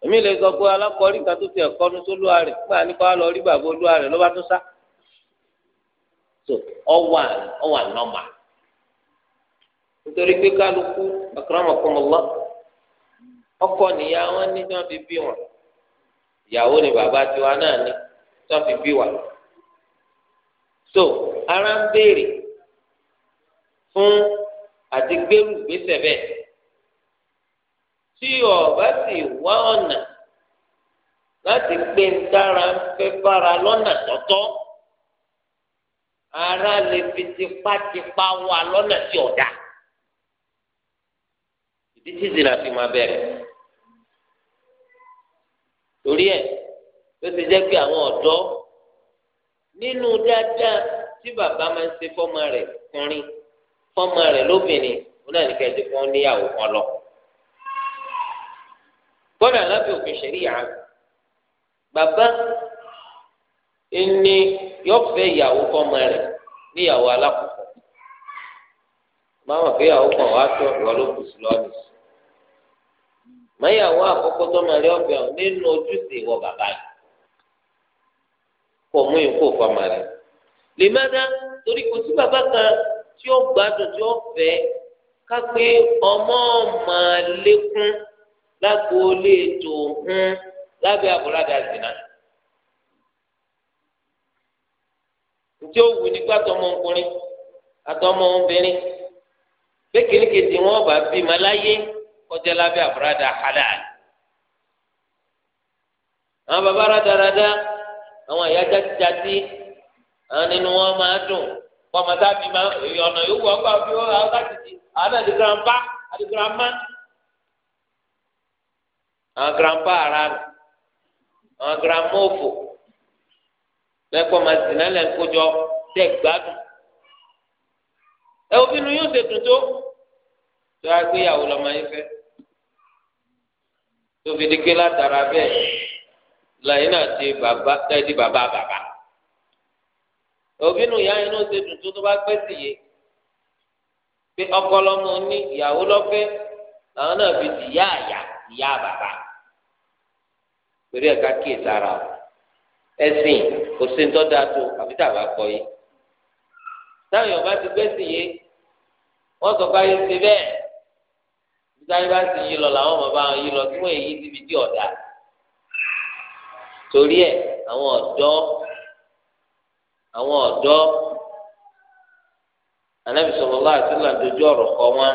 èmi lè sọ pé alákọ̀ọ́rí kan tó ti ẹ̀kọ́ nu tó lúwa rẹ̀ nígbà nípa lọ rí bàbá olúwa rẹ̀ lọ́ba tó sá tó ọwà ọwà nọ́mà nítorí pé kálukú akramakumullah ọkọ nìyá wọn ní tí wọn fi bí wọn ìyàwó ni bàbá tiwa náà ní tí wọn fi bí wa so ara ń béèrè fún àti gbẹrù gbèsè bẹ́ẹ̀ tí ọba sì wá ọ̀nà láti gbé ń dára ń fẹ́ bára lọ́nà tọ́tọ́ ara lè fi tipátipá wà lọ́nà tí ọ̀dà ìdí tí ìzìnà fi máa bẹ̀rẹ̀ torí ẹ̀ tó ti jẹ́ pé àwọn ọ̀dọ́ nínú dáadáa tí bàbá máa ń ṣe fọ́mọ rẹ̀ kùnrin fọ́mọ rẹ̀ lóbìnrin ó náà ní kẹ́ẹ̀dẹ́ fún níyàwó kan lọ́kọ̀ kọ́dà lábẹ́ òfin ṣẹ̀ríyà bàbá ẹni yóò fẹ́ ìyàwó fọ́mọ rẹ̀ níyàwó alákọ̀ọ́kọ́ máa fẹ́ ìyàwó kan wá tó ọ̀rọ̀ ló kù sí lọ́ọ̀nì mọ́yàwó àkọ́kọ́ tọ́mọ rẹ̀ ọ̀fẹ́ ọ̀ nínú ojúṣe ìwọ bàbá yìí kò mú ìkó fọ́mọ rẹ̀ lè torí kò sí bàbá kan tí ó gbádùn tí ó fẹ́ ká pé ọmọ ọmọ lékún. lágboolé tó ń hmm, lábẹ́ àbúradà zina. ǹjẹ́ ó wù nípa tọmọ ọkùnrin àtọmọ obìnrin bẹ́ẹ̀ kìnnìkejì wọn bá bímọ láyé kọjá lábẹ́ àbúradà àwọn bàbá àwọn àyà àwọn nínú wọn máa dùn ọ̀nà yòówù ọgbà àwọn àwọn àdìgbò àdìgbò àwọn grandpa ara rẹ̀ àwọn grandma òfò lẹ́kọ̀ọ́ máa zìnà lẹ́ńkójọ tẹ́ gbádùn ẹ obìnrin yóò ṣe tuntó tó a gbé ìyàwó lọ́mọ yín fẹ́ tó fi dikẹ́ látara bẹ́ẹ̀ lẹ́yìn náà ti bàbá ẹ di bàbá bàbá obìnrin ìyá yẹn ló ṣe tuntó tó bá pẹ́ sí yé pé ọkọ lọ́mọ ní ìyàwó lọ́fẹ́ làwọn náà fi di ìyá àyà ìyá bàbá torí ẹ̀ ká kíyè sára ẹ̀sìn kò sí ń tọ́da tó àbí tàbá kọ yìí táwọn yorùbá ti gbẹ́sìn yìí wọ́n sọ pé ayé ti bẹ́ẹ̀ táyé bá ti yí lọ làwọn ọmọ bá wọn yí lọ tí wọn èyí ti fi di ọ̀dà torí ẹ àwọn ọ̀dọ́ àwọn ọ̀dọ́ Ànábì sallallahu alaihi wasallam dojú ọ̀rọ̀ kọ wọn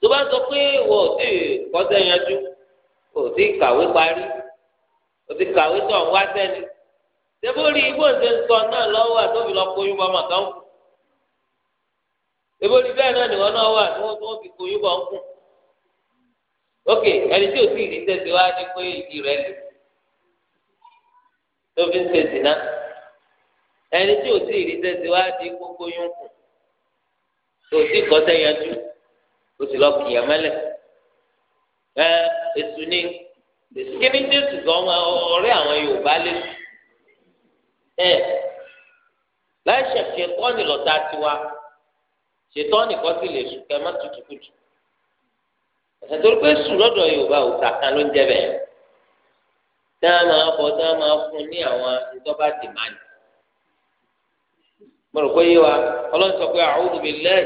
tó bá sọ pé wò ó sì kọsẹ̀ yanjú o ti kàwé parí o kàwé tó ń wá sẹ́ni ṣe ń sọ náà lọ́wọ́ àtòbí lọ kó yúbọ ọmọ kù náà náà wà wọ́n fi ń ok ẹni tí o ti tẹ̀sí wá ní pé ìdí lè tó fi ẹni tí ti tẹ̀sí wá o ti kọ́ sẹ́yìn o kìyàmẹ́lẹ̀ ẹ́ẹ́. ètù ni kíní jésù gan ọ̀rẹ́ àwọn yorùbá lé ẹ láì ṣẹ̀ṣẹ̀ tọ́ni lọ́tà tiwa ṣètọ́ni kọ́ sí lè sùn kẹ́ má tutù kutù ẹ̀sẹ̀ torí pé sùn lọ́dọ̀ yorùbá ò sàkán ló ń jẹ́ bẹ́ẹ̀ tá a máa bọ̀ tá a máa fún ní àwọn ìjọba dìmáàdì mo rò pé yé wa ọlọ́run sọ pé a'udhu billahi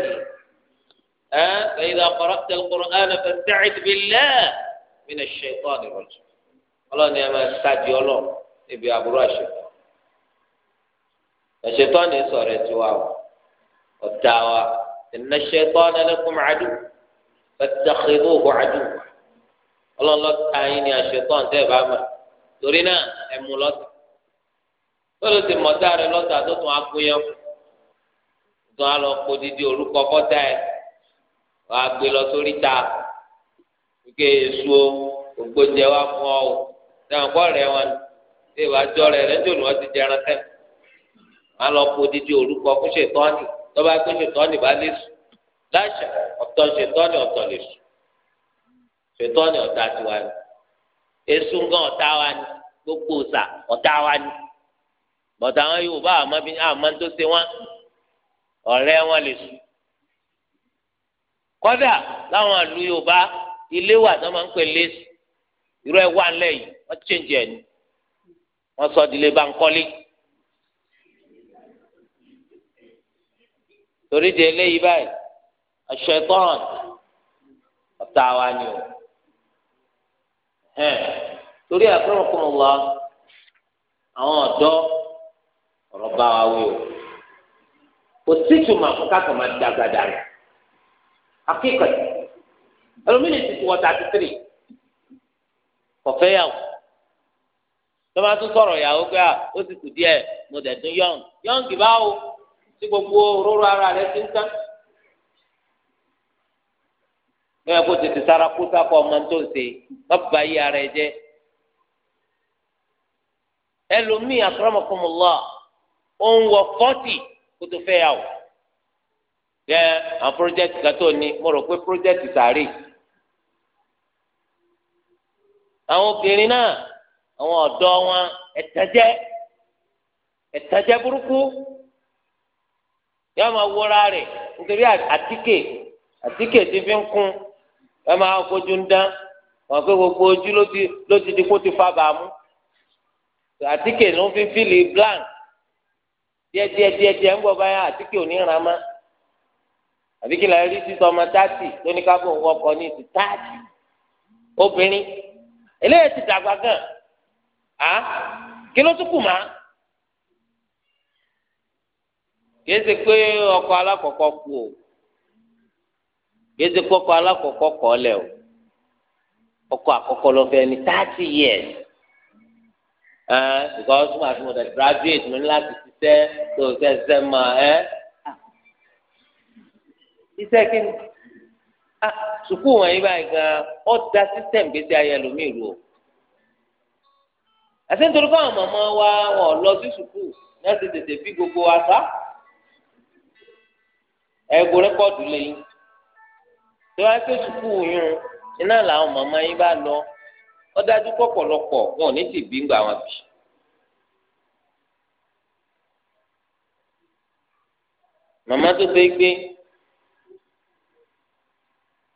ẹ̀ fa idha qara'ta al-Qur'ana fasta'idh billah. من الشيطان الرجيم ọlọ́ni ẹ máa sáàdì ọlọ́ níbi àbúrò àṣetán àṣetán ní sọ̀rọ̀ ẹ̀tí wa ọ̀tá wa inna ash-shaytana lakum aduwwun fattakhidhuhu aduwwan ọlọ́ni lọ́ta yín ní àṣetán tẹ́ ẹ bá mọ̀ torí náà ẹ mú lọ́tà tọ́lọ́ ti mọ̀tá rẹ lọ́tà tó tún agbóyan fún tún á lọ kó didi orúkọ bọ́tà ẹ wàá gbé lọ sórí ta ike esu o gbogbo jẹ wa fún ọ o sẹ́wọ̀n kọ́ rẹ̀ wọn ṣé ìwà jọ rẹ̀ rẹ̀ ń jòlù wọn ti jẹran tẹ́ wọn lọ kó didi orúkọ fún ṣètọ́ni tọ́ba pé ṣètọ́ni bá lè sùn láṣà ọ̀tọ̀ ṣètọ́ni ọ̀tọ̀ lè sùn ṣètọ́ni ọ̀tá tiwa ni esu ń gan ọ̀tá wa ni gbogbo ọ̀sà ọ̀tá wa ni bọ̀dà àwọn Yorùbá àmọ́ tó ṣe wọn ọ̀rẹ́ wọn lè sùn kọ́dà láwọn ìlú Yorùbá ilé wà tó máa ń pè lẹ́sì irú ẹ̀ wà ńlẹ̀ yìí wọ́n chẹ́ǹjì ẹ̀ ni wọ́n sọ ìdílé bankọ́lé torí di eléyìí báyìí aṣọ ìtọ́ràn ọ̀tá wa ni o torí àkọ́rọ̀kọ́ wa àwọn ọ̀dọ́ ọ̀rọ̀ bá wa wí o kò sí ìtumọ̀ àkókò àkàmà dàgbàdà rẹ̀ akíkọ̀tì ẹlòmíì ti ti wọ thirty three kọfẹ́ yàwó tọ́ba tún sọ̀rọ̀ yàwó pé ah, ó ti kù díẹ̀ mo dẹ̀ tún yọ̀ǹ yọ̀ǹ kì bá o tí gbogbo róró ara rẹ ti ń tán bẹ́ẹ̀ kó tètè sára kó sáfọ ọmọ tó ń ṣe má bà yí ara ẹ jẹ́ ẹlòmíì akramakumullah ó ń wọ fọ́tì kó tó fẹ́ yàwó yẹ àwọn pírójẹ́tì kan tó ní mo rò pé pírójẹ́tì sàárè àwọn obìnrin náà àwọn ọ̀dọ́ wọn ẹ̀tẹ́jẹ́ ẹ̀tẹ́jẹ́ burúkú yóò máa wúra rẹ̀ nítorí àtíkè àtíkè ti fi ń kún yóò máa fojú ń dán wọn pé gbogbo ojú ló ti di kó ti fa bàámu àtíkè ló ń fi fílì blank díẹ̀ díẹ̀ díẹ̀ díẹ̀ ń bọ̀ báyà àtíkè ò ní ràn má àbí kí la rí sísọ ọmọ táàtì lóníkàbọ̀ ń wọkọ̀ ní ti táàtì obìnrin eléyìí ti dàgbà gan a kí ló tún kù má kìí ṣe pé ọkọ alákọ̀ọ́kọ́ kú o kìí ṣe pé ọkọ alákọ̀ọ́kọ́ kọ́ lẹ̀ o ọkọ àkọ́kọ́ lọ fẹ́ ní thirty years ẹ because mo àti mo graduate mo ní láti ṣiṣẹ́ tó ṣiṣẹ́ ṣiṣẹ́ mọ́ ẹ iṣẹ́ kí ni. Ah, sùkú wọn yìí báyìí gan ọ da sísẹm gbèsè ayé ẹlòmíì o àti nítorí káwọn màmá wa wọn lọ sí sùkú náà ti tètè bí gbogbo wa sá ẹgbò rẹkọọdù lẹ́yìn tí wọn ké sùkú yún iná làwọn màmá yìí bá lọ ọ dájú pọpọlọpọ wọn ò ní ti bí gbà wọn bì. màmá tó fẹ́ gbé.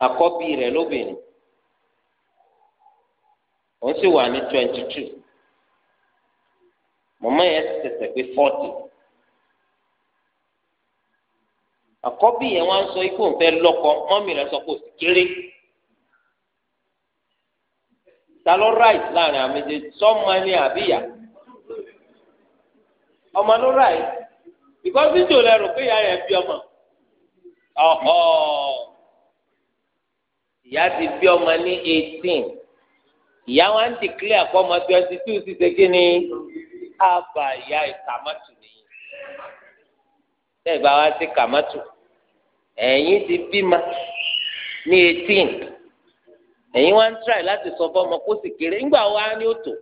àkọ́bí rẹ lóbìnrin òun sì wà ní twenty two mọ̀mọ́ yẹn ti pé forty àkọ́bí yẹn wá ń ikú òun fẹ́ lọ́kọ mọ́mì kéré ta right láàrin àmì sọ́mọ àbíyá ọmọ ló right rò pé ọmọ ìyá ti bí ọmọ ní eighteen ìyá wa ń declare àpọ̀ ọmọ twenty two sì ṣe kí ni àbá ìyá ìkàmọ́tù nìyí tẹ́gbà wa sí kàmọ́tù ẹ̀yin ti bímọ ní eighteen ẹ̀yin wa ń try láti sọ fọ́ ọmọ kó sì kéré ńgbà wa ni ó tó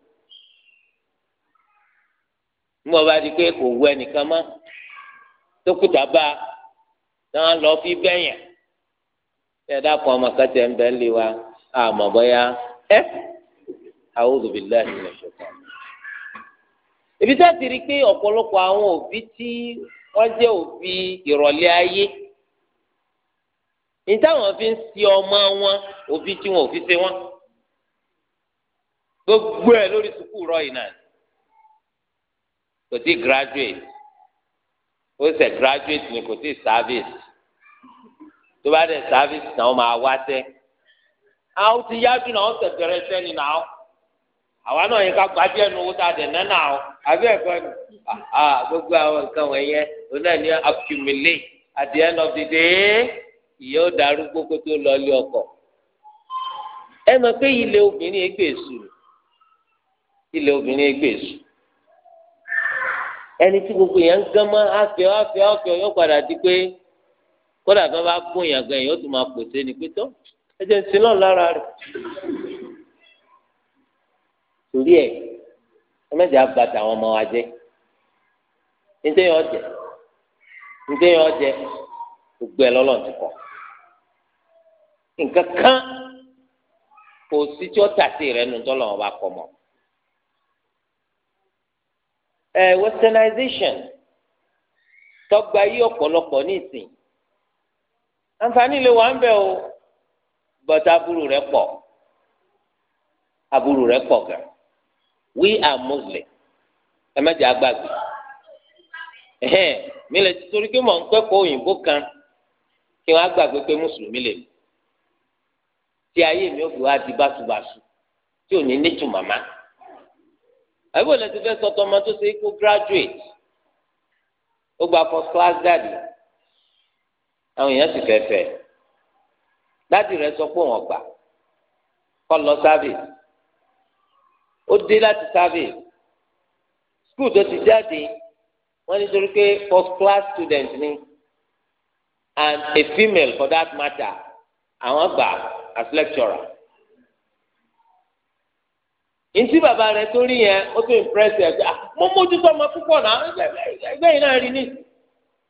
ńgbà wa di pé kò wú ẹnìkan mọ́ tó kùtà bá a náà lọ fi bẹ́yẹn ẹ̀dá kan ọmọ kẹtẹ ń bẹ ńlẹ̀ wa àmọ́ bọ́yá ẹ́ a'udhu billahi minash shaitan. ibi tá a ti rí i pé ọ̀pọ̀lọpọ̀ àwọn òbí tí wọ́n jẹ́ òbí ìrọ̀lẹ́ ayé ní táwọn fi ń si ọmọ wọn òbí tí wọn ò fi ṣe wọn gbogbo ẹ lórí sukuu rọyìn náà kò tí graduate ó ṣe graduate ni kò tí service tó bá dẹ̀ sáfíìsì náà máa wá sẹ́ àwọn ti yájú náà ọ tẹ̀tẹ̀rẹ̀ sẹ́ni náà àwa náà yẹ ká gba díẹ̀ owó tá a dẹ̀ ná náà àbí ẹ̀kọ́ ni gbogbo àwọn nǹkan wọ̀nyẹn náà ní at the end of day ó darúgbó kó tó lọ ọkọ ẹ mọ̀ pé ilé obìnrin ilé obìnrin ẹni tí gbogbo yẹn ń padà kódà tó bá kún yàn gan yóò tún máa pèsè ní pé tó ẹjẹ ń sin náà lára rẹ torí ẹ ẹmẹjẹ àgbàtà àwọn ọmọ wa jẹ ntẹyìn ọjẹ ntẹyìn gbogbo ẹ ti kọ nǹkan kan kò sí tí ó tàtí rẹ nù wọn àǹfààní lè wa ń bẹ o bàtà aburú rẹ̀ pọ̀ aburú rẹ̀ pọ̀ gan we are muslim ẹ má jẹ́ agbàgbé ẹhẹn mi lè torí pé mò ń kẹ́kọ̀ọ́ òyìnbó kan kí wọ́n á gbàgbé pé mùsùlùmí lè mi tí ayé mi ò fi wá di báṣubàṣu tí ò ní nítumọ̀ màmá. àbí wọ́n lè ti fẹ́ sọ tọmọ tó ṣe kó graduate ó gba first class jáde àwọn èèyàn sì fẹ́ fẹ́ dádì rẹ̀ sọ pé òun ọ̀gbà kọ́ lọ sáfìs ó dé láti sáfìs skul tó ti jáde wọ́n nítorí pé first class student ni and a female for that matter àwọn gbà as lecturer ntí bàbá rẹ tó rí yẹn ó tó impress ẹ pé ah, mo mójútó ọmọ púpọ̀ náà ẹgbẹ́ yìí náà rí ní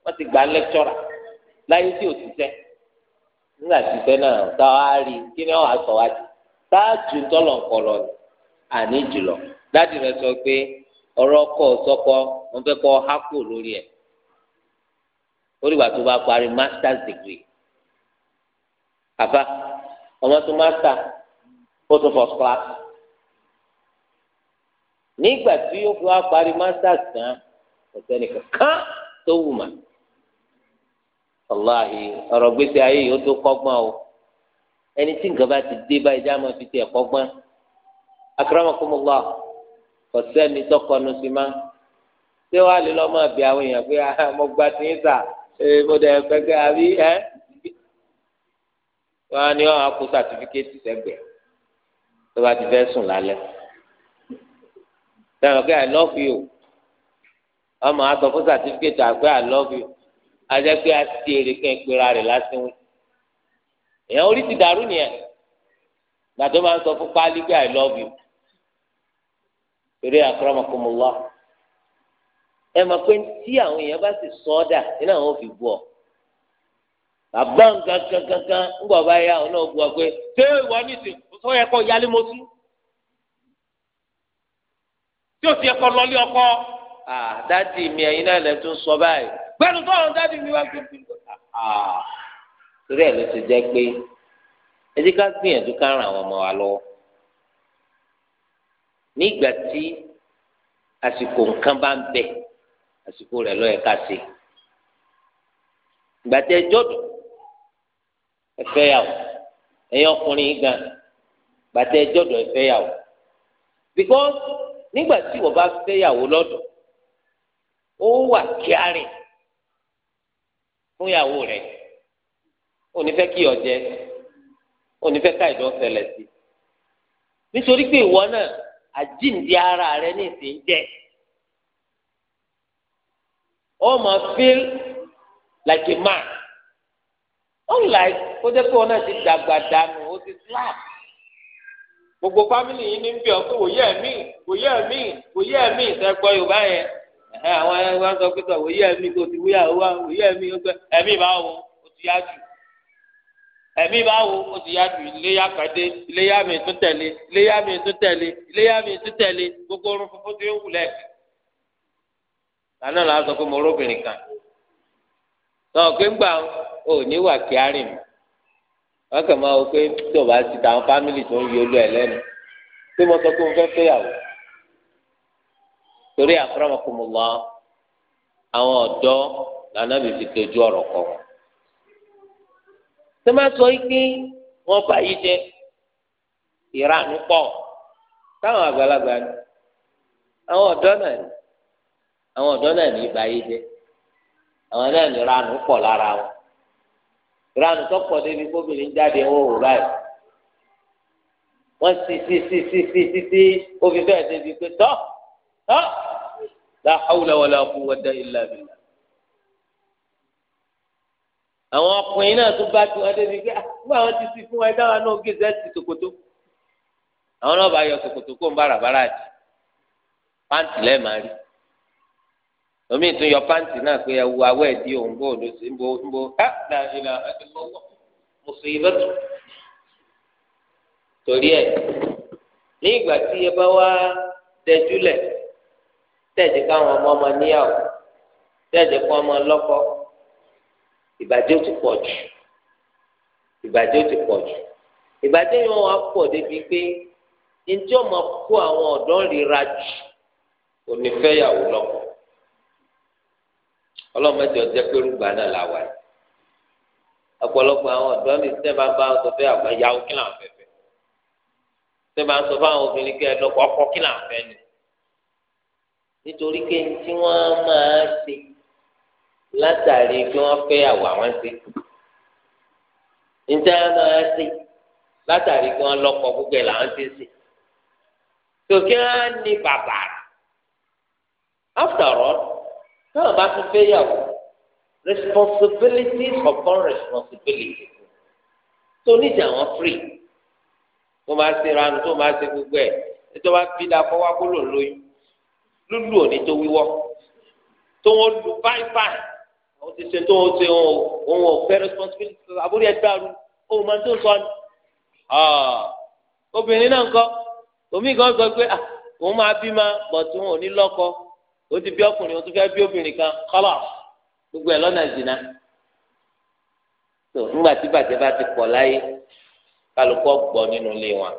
wọ́n ti gbà lecturer láyé tí ò ti tẹ́ nígbà tí tẹ́ náà tá a rí kí ni wọ́n á sọ wá tá a ju tọ́lọ̀ kọlọ̀ àní jùlọ dáàdì rẹ sọ pé ọ̀rọ̀ kọ̀ sọ́kọ wọn fẹ́ kọ́ hákò lórí ẹ̀ oríwà tó bá parí masters degree àbá ọmọ tó master ó tún first class nígbà tí ó fi wá parí masters tán ọ̀sẹ̀ nìkan kán tó wù mà wàláhì ọ̀rọ̀ gbèsè ayé yìí ó tó kọ́gbọ́n o ẹni tí nǹkan bá ti dé báyìí dáhùn fi tiẹ̀ kọ́gbọ́n akramakumullah ọ̀sẹ́ni tọkọnu sí ma ṣé wàá lè lọ́mọ àbí àwọn èèyàn pé mo gba ti ń sà mo dẹ̀ gbẹgbẹ́ àbí ẹ́ wọ́n á ní ọ́ àkó sàtífíkẹ́tì sẹ́gbẹ̀ẹ́ tó bá ti fẹ́ sùn lálẹ́ sẹ́wọ̀n kí i love you ọmọ àtọ̀ fún sàtífíkẹ́tì àgbẹ̀ i love you. ajẹ́ pé a ti èrè kan ìpera rẹ̀ lásán wí. èèyàn orí ti dàrú nìyẹn gbàtọ́ máa ń sọ fún páálí pé i love you eré akramakumullah ẹ mọ̀ pé tí àwọn èèyàn bá sì sọ ọ́ dà nínú àwọn òfin bàbá nǹkan kankan ń ọ náà bù ọ pé ṣé ìwọ ní ìsìn tó yẹ yálé mo ọkọ ah, àdájì mi ẹ̀yin náà sọ báyìí. gbẹnu tó àwọn dáàdi mi wá gbé bí lọ. torí ẹ̀ ló ti jẹ́ pé ẹ ká gbìyànjú ká ràn àwọn ọmọ wa lọ́wọ́ nígbà tí àsìkò nǹkan bá ń àsìkò rẹ̀ ká ṣe ìgbà tí ẹ gan yàwó because nígbà tí bá yàwó fún ìyàwó rẹ̀ kí ọ̀jẹ́ onífẹ́ ká ìjọ ṣẹlẹ̀ sí nítorí pé ìwọ náà àjíǹde ara rẹ ní ìsìn jẹ ó máa feel like a man unlike kó jẹ́ pé wọn náà ti dàgbà dànù ó ti slap gbogbo fámìlì yìí ní bí ọ pé wòye ẹ̀mí wòye ẹ̀mí wòye ẹ̀mí ìṣẹ́gbọ́ yorùbá yẹn ẹ̀hẹ́ àwọn ẹ̀wọ́n sọ pé sọ wòye ẹ̀mí kò ti wúyà wá wòye ẹ̀mí ó gbẹ ẹ̀mí bá wo ó ti yá jù ẹ̀mí bá wo ó ti yá jù iléyà pàdé iléyà mi tún tẹ̀lé iléyà mi tún tẹ̀lé iléyà mi tún tẹ̀lé gbogbo orun funfun ti ń wulẹ̀ lánàá la sọ pé mo róbìnrin kan sọ pé ńgbà ò ní wà kíárì mi wọn kàn máa wọ pé tí o bá ti tàwọn fámìlì tó ń yọ olú ẹ lẹ́nu pé mo sọ pé mo fẹ́ fẹ́yàwó. torí akramakumullah àwọn ọ̀dọ́ lànàbì fi tẹjú ọrọ kọ tó má sọ ike wọn bá yí jẹ ìranù pọ̀ táwọn àgbàlagbà ni àwọn ọdọ náà ni àwọn ọdọ náà ní ibà yí jẹ àwọn náà ní ìranù pọ̀ lára wọn ìranù tó pọ̀ débi kóbìnrin jáde ń wòwò báyìí wọ́n sì sí sí sí sí sí sí ó fi bẹ́ẹ̀ débi pé tọ́ tọ́. لا حول ولا قوة إلا بالله. àwọn ọkùnrin náà tó bá tiwọn débi pé àgbà ah, wọn ti sì fún wa dáhà náà gé zẹ́ẹ̀tì tòkòtò àwọn náà bá yọ tòkòtò kó ń bára bára jì pàǹtì lẹ́ẹ̀ máa rí omi tún yọ pàǹtì náà pé ẹwu awọ ẹdí òun bó ló ṣe ń bo ń bo ẹ là ìlà ẹdínlọ́wọ́ mo sì yí bẹ́tù torí ẹ ní ìgbà tí ẹ bá wá tẹjú lẹ̀ tẹ́ẹ̀jẹ̀ káwọn ọmọ ọmọ níyàwó tẹ́ẹ̀jẹ̀ kọ́ ọmọ lọ́kọ ìbàjẹ́ ò ti pọ̀ jù ìbàjẹ́ ò ti pọ̀ jù ìbàjẹ́ yẹn wà pọ̀ débi pé njẹ́ ọmọ kó àwọn ọ̀dọ́ ríra jù onífẹ́yàwó lọ́kọ ọlọ́mọdé ọjọ́ pé rúgbà náà là wáyé ọ̀pọ̀lọpọ̀ àwọn ọ̀dọ́ ní sẹ́ẹ̀ bá bá sọ fẹ́ àgbà yàwó kí làwọn fẹ́ fẹ́ sẹ́ẹ̀ bá sọ fún obìnrin kí ẹ lọ́kọ ọkọ kí làwọn fẹ́ ni nítorí pé ní tí wọ́n máa ṣe látàrí pé wọ́n fẹ́ àwọ̀ àwọn ṣe ní tí wọ́n máa ṣe látàrí pé wọ́n lọ́kọ gbogbo ẹ̀ làwọn ti ṣe tòkí wọn ní bàbà after all táwọn bá tún fẹ́ yàwó responsibilities upon responsibilities tó níjà wọn free tó bá ṣe ranu tó bá ṣe gbogbo ẹ̀ tó bá fi dà fọwọ́ kó lò lóyún lúlù òní tó wíwọ́ tó wọn lu báibáì àwọn ti ṣe tó wọn ṣe wọn ò wọn ò fẹ́ responsibility àbúrò ẹ̀ dàrú ó máa tó sọ ni. Ah, obìnrin náà ń kọ́ omi kan sọ pé ah, òun máa bí ma bọ̀tún wọn ò ní lọ́kọ ó ti bí ọkùnrin ó tún fẹ́ bí obìnrin kan kọ́lọ̀ gbogbo ẹ̀ lọ́nà ìdìnnà tó ńgbà tí bàjẹ́ bá ti pọ̀ láyé kálukọ́ gbọ́ nínú ilé wọn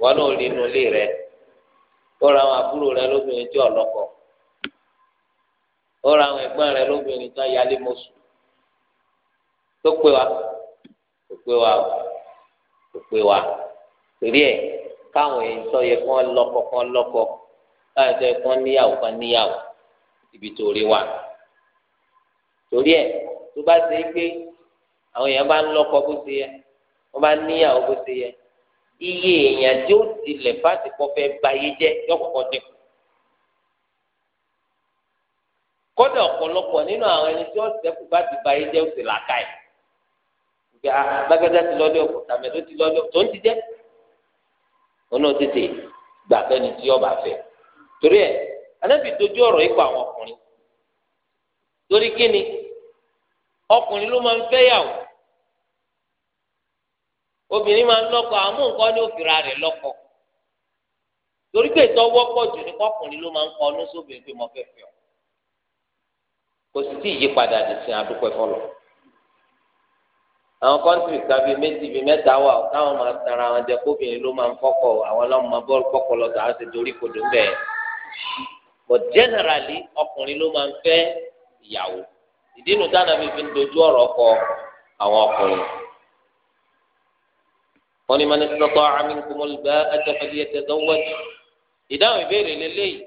wọn náà rí inú ilé rẹ̀ ọ̀rọ̀ àwọn àbúrò rẹ lóbìnrin tí ọ̀lọ́kọ ọ̀rọ̀ àwọn ẹ̀gbọ́n rẹ lóbìnrin tí ayálé mọ̀sù tó pé wa tó pé wa tó pé wa torí ẹ káwọn èèyàn sọ yẹ kán lọ́kọ kán lọ́kọ káwọn sọ yẹ kán níyàwó kán níyàwó ibi tó rí wa torí ẹ tó bá ṣe é pé àwọn èèyàn bá ń lọ́kọ bó ṣe yẹ wọ́n bá níyàwó bó ṣe yẹ iye èèyàn tí ó tilẹ̀ bá ti kọ́ fẹ́ báyé jẹ́ yọkọ̀kọ́ dínkù. kódà ọ̀pọ̀lọpọ̀ nínú àwọn ẹni tí ó sẹ́kù bá ti báyé jẹ́ ó sì làákà ẹ̀. ìgbà lágbájá ti lọ́lé ọkọ̀ tàmẹ́dó ti lọ́lé ọkọ̀ tó ń ti jẹ́. òun náà tètè gbà fẹ́ni tí ọba fẹ́. torí ẹ anábì dojú ọ̀rọ̀ ikọ̀ àwọn ọkùnrin. torí kíni ọkùnrin ló máa ń fẹ́yàwó obìnrin máa ń lọ́kọ àmú nǹkan ní òfìrà rẹ̀ lọ́kọ torí pé ìtọ́ wọ́pọ̀ jù ní kọkùnrin ló máa ń kọ ọ́nú sóbìnrin pé mo fẹ́ fi ọ́ kò sì tí ì yípadà dì sí adúpẹ́ fọlọ́ àwọn kọ́ńtìrì kan bíi méjì bíi mẹ́ta wà táwọn máa tara àwọn jẹ kóbìnrin ló máa ń fọ́kọ̀ àwọn ọlọ́mọ bọ́ọ̀lù pọ́kọ̀ lọ́dọ̀ àwọn ti dorí kodò ń bẹ̀ẹ́ but generally ọkùnrin ló máa ń fẹ́ ìyàwó ìdí nu dáná bíi fi ń dojú ọ̀rọ̀ kọ àwọn ọkùnrin wọn ni man istata'a minkumul ba'ata falyatazawwaj ìdáhùn ìbéèrè lélẹ́yìí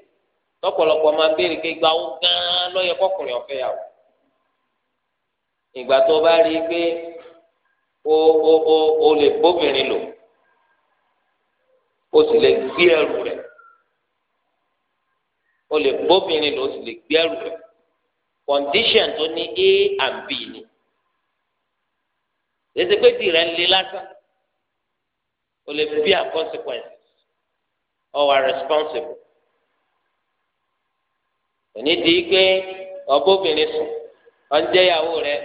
lọ́pọ̀lọpọ̀ máa ń béèrè pé gba owó gán-an lọ́yẹ kọkùnrin ọ̀fẹ́ yà wò ìgbà tó bá rí i pé o o o o lè bóbìnrin lò o sì lè gbé ẹrù rẹ̀ o lè bóbìnrin lò o sì lè gbé ẹrù rẹ̀ condition tó ní a and b ni èsì pé tìrẹ ń le lásán o lè fear à consequences or are responsible òní di pé ọbọbìnrin sùn ọ̀njẹ́yàwó rẹ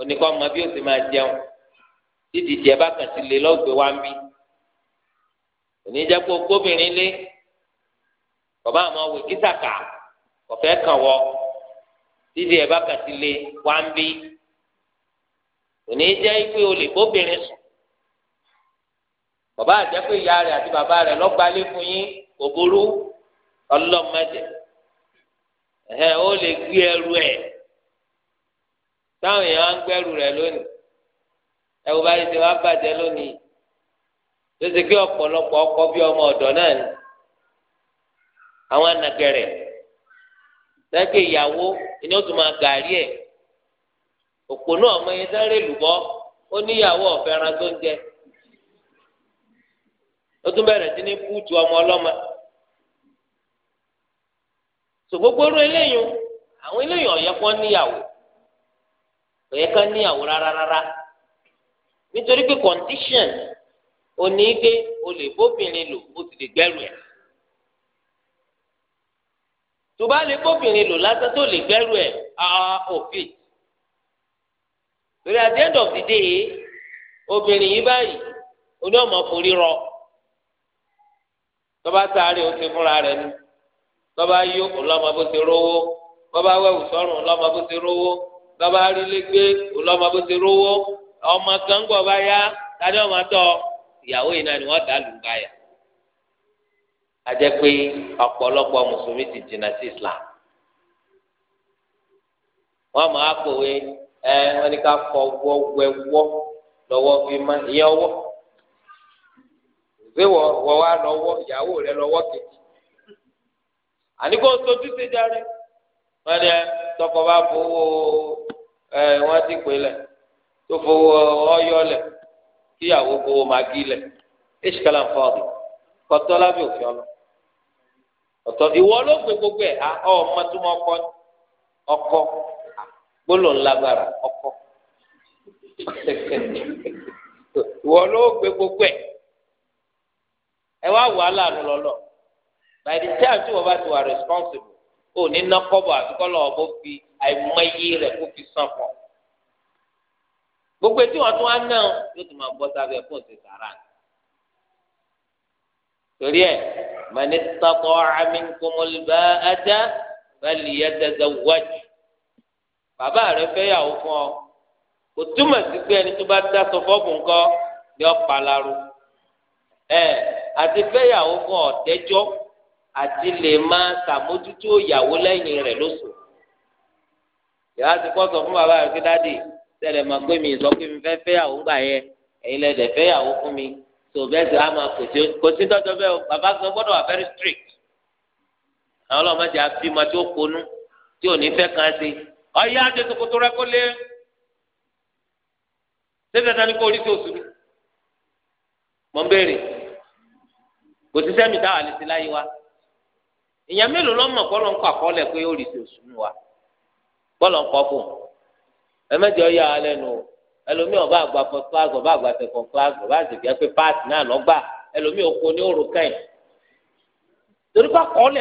oníkọ́ ọmọ bí o ti máa jẹun títí jẹ bákan ti lè lọ́gbẹ̀ẹ́ wá ń bí òní jẹ́ kó gbóbìnrin lé bàbá àmọ́ wò kísàkà kọ̀fẹ́ kàn wọ títí ẹ̀ bákan ti lè wá ń bí òní jẹ́ pé o lè gbóbìnrin sùn bàbá àjẹ́ pé ìyá rẹ̀ àti bàbá rẹ̀ lọ́gbàlé fún yín kò burú ọlọ́mọdé ẹ̀ ó lè gbé ẹrù ẹ̀ táwọn èèyàn á ń gbẹ́rù rẹ̀ lónìí ẹ wò báyìí ṣe wá bàjẹ́ lónìí tó ṣe kí ọ̀pọ̀lọpọ̀ ọkọ bí ọmọ ọ̀dọ́ náà ni àwọn anagẹrẹ sẹ́kẹ̀ ìyàwó ni ó tún máa gàrí ẹ̀ òpó náà ọmọ yẹn sáré lùbọ́ ó níyàwó ọ̀fẹ́ràn tó ń jẹ ó tún bẹ̀rẹ̀ sí ní kúùtù ọmọ ọlọ́mọ so gbogbo orú eléyìí àwọn eléyìí ọ̀yẹ́ kọ́ níyàwó ọ̀yẹ́ kan níyàwó rárá rárá nítorí pé condition òní pé o lè bóbìnrin lò o sì lè gbẹ́rù ẹ̀ tó bá lè bóbìnrin lò lásán tó lè gbẹ́rù ẹ̀ òfin torí at the end of the day obìnrin yìí báyìí oní ọmọ forí rọ. tọ́ba sáré ó ti fúnra rẹ̀ ni tọ́ba yó ọlọ́mọ bó ti rówó tọ́ba wẹ̀wù sọ́rùn ọlọ́mọ bó ti rówó tọ́ba rílégbé ọlọ́mọ bó ti rówó ọmọ gángbọ̀ bá yá tani ọmọ tọ́ ìyàwó yìí náà ni wọ́n dà lù báyà. a jẹ́ pé ọ̀pọ̀lọpọ̀ mùsùlùmí ti jìnnà sí Islam wọ́n máa pòwe ẹ wọ́n ní ká fọwọ́ wẹwọ́ lọ́wọ́ fi má ìyẹn ọwọ́ ṣé wọ wọ wá lọ́wọ́ ìyàwó rẹ lọ́wọ́ kejì àníkó sojú ṣe járe wọn ni tọkọ bá fowó ẹ wọn ti pè lẹ tó fowó ọyọ lẹ kíyàwó fowó magi lẹ eṣìkàlà ń fọ ọdún kọtọ lábẹ́ òfin ọlọ ọ̀tọ̀ ìwọ ló gbé gbogbo ẹ ah, ọmọ tó mọ ọkọ ọkọ ah, gbólóhùn lágbára ọkọ ìwọ ló gbé gbogbo ẹ ẹ wá wà á lànà lọ́lọ́ by the time tí wọ́n bá ti wà responsible ò ní ná kọ́bọ̀ àtúkọ́lọ́ ọ̀bọ fi àìmọye rẹ̀ kó fi san pọ̀ gbogbo etí wọn tún wá náà yóò tún máa bọ́ sábẹ́ fún òsè sàrà torí ẹ mẹni tọkọ aminkumulba ẹja bẹ́ẹ̀ni yẹ dẹdẹ wájú bàbá rẹ fẹ́yàwó fún ọ kò túmọ̀ sí pé ẹni tó bá dá sọ fọ́ọ̀bù ńkọ́ ni ọ palaru ẹ àti fẹ́yàwó fún ọ̀tẹ́jọ́ àti lè máa ṣàmójútó ìyàwó lẹ́yìn rẹ̀ lóṣù. ìyá ti kọ́ sọ fún bàbá rẹ̀ pé dáàdì tẹ́lẹ̀ máa gbé mi sọ pé mi fẹ́ fẹ́yàwó gbà yẹ ẹ̀yin lẹ́dẹ̀ fẹ́yàwó fún mi tó bẹ́ẹ̀ sì á máa kò sí kò sí dọ́jọ́ bẹ́ẹ̀ o bàbá sọ gbọ́dọ̀ wà very strict. àwọn ọlọ́mọdé àfimọ́ tí ó konú tí ò ní fẹ́ kan sí ọyá àti tòkòtò rẹ kó lé sẹ́sẹ̀ tani kó orí sí òṣù mọ́ ń béèrè kò sí sẹ́mi lè láyé wa èèyàn mélòó lọ́mọ̀ kọ́ ló ń kọ́ àkọọ́lẹ̀ pé ó lè ṣe oṣù wa kọ́ ló ń kọ́ fún un ẹ yà á lẹ́nu o ẹlòmíì ọba àgbà first class ọba àgbà class ọba àgbà pé part náà ẹlòmíì kẹ́yìn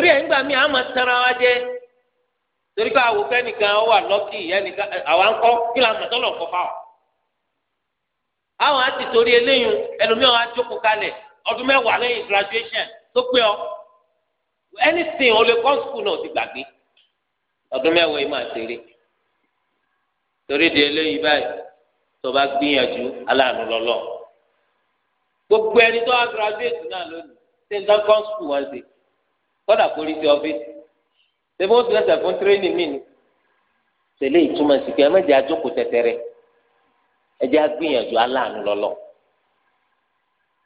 torí pé torí pé àwọn kẹ́nìkan ọ wà lọ́kì ẹnìkan àwọn akọ kí la mọ̀ tọ́lọ̀ kọ́ fáwọn. àwọn àti torí eléyìí ẹlòmíràn á kalẹ̀ ọdún mẹ́wàá lẹ́yìn graduation tó pé ọ anything o lè kọ́ sukùl náà ti gbàgbé ọdún mẹ́wàá yìí máa ṣeré torí di eléyìí báyìí tó bá gbìyànjú aláàánú lọ́lọ́ gbogbo ẹni tó wá graduate náà lónìí ṣe ń dán kọ́ sukùl wọn ṣe kọ́dà kórìí ọ́fíìsì ṣé bó ti ẹsẹ̀ fún tírénì mi ni tẹ̀lé ìtumọ̀ sí pé ẹ mẹ́jẹ̀ àjókòó tẹ̀tẹ̀rẹ̀ ẹjẹ́ agbìyànjú aláàánú lọ́lọ́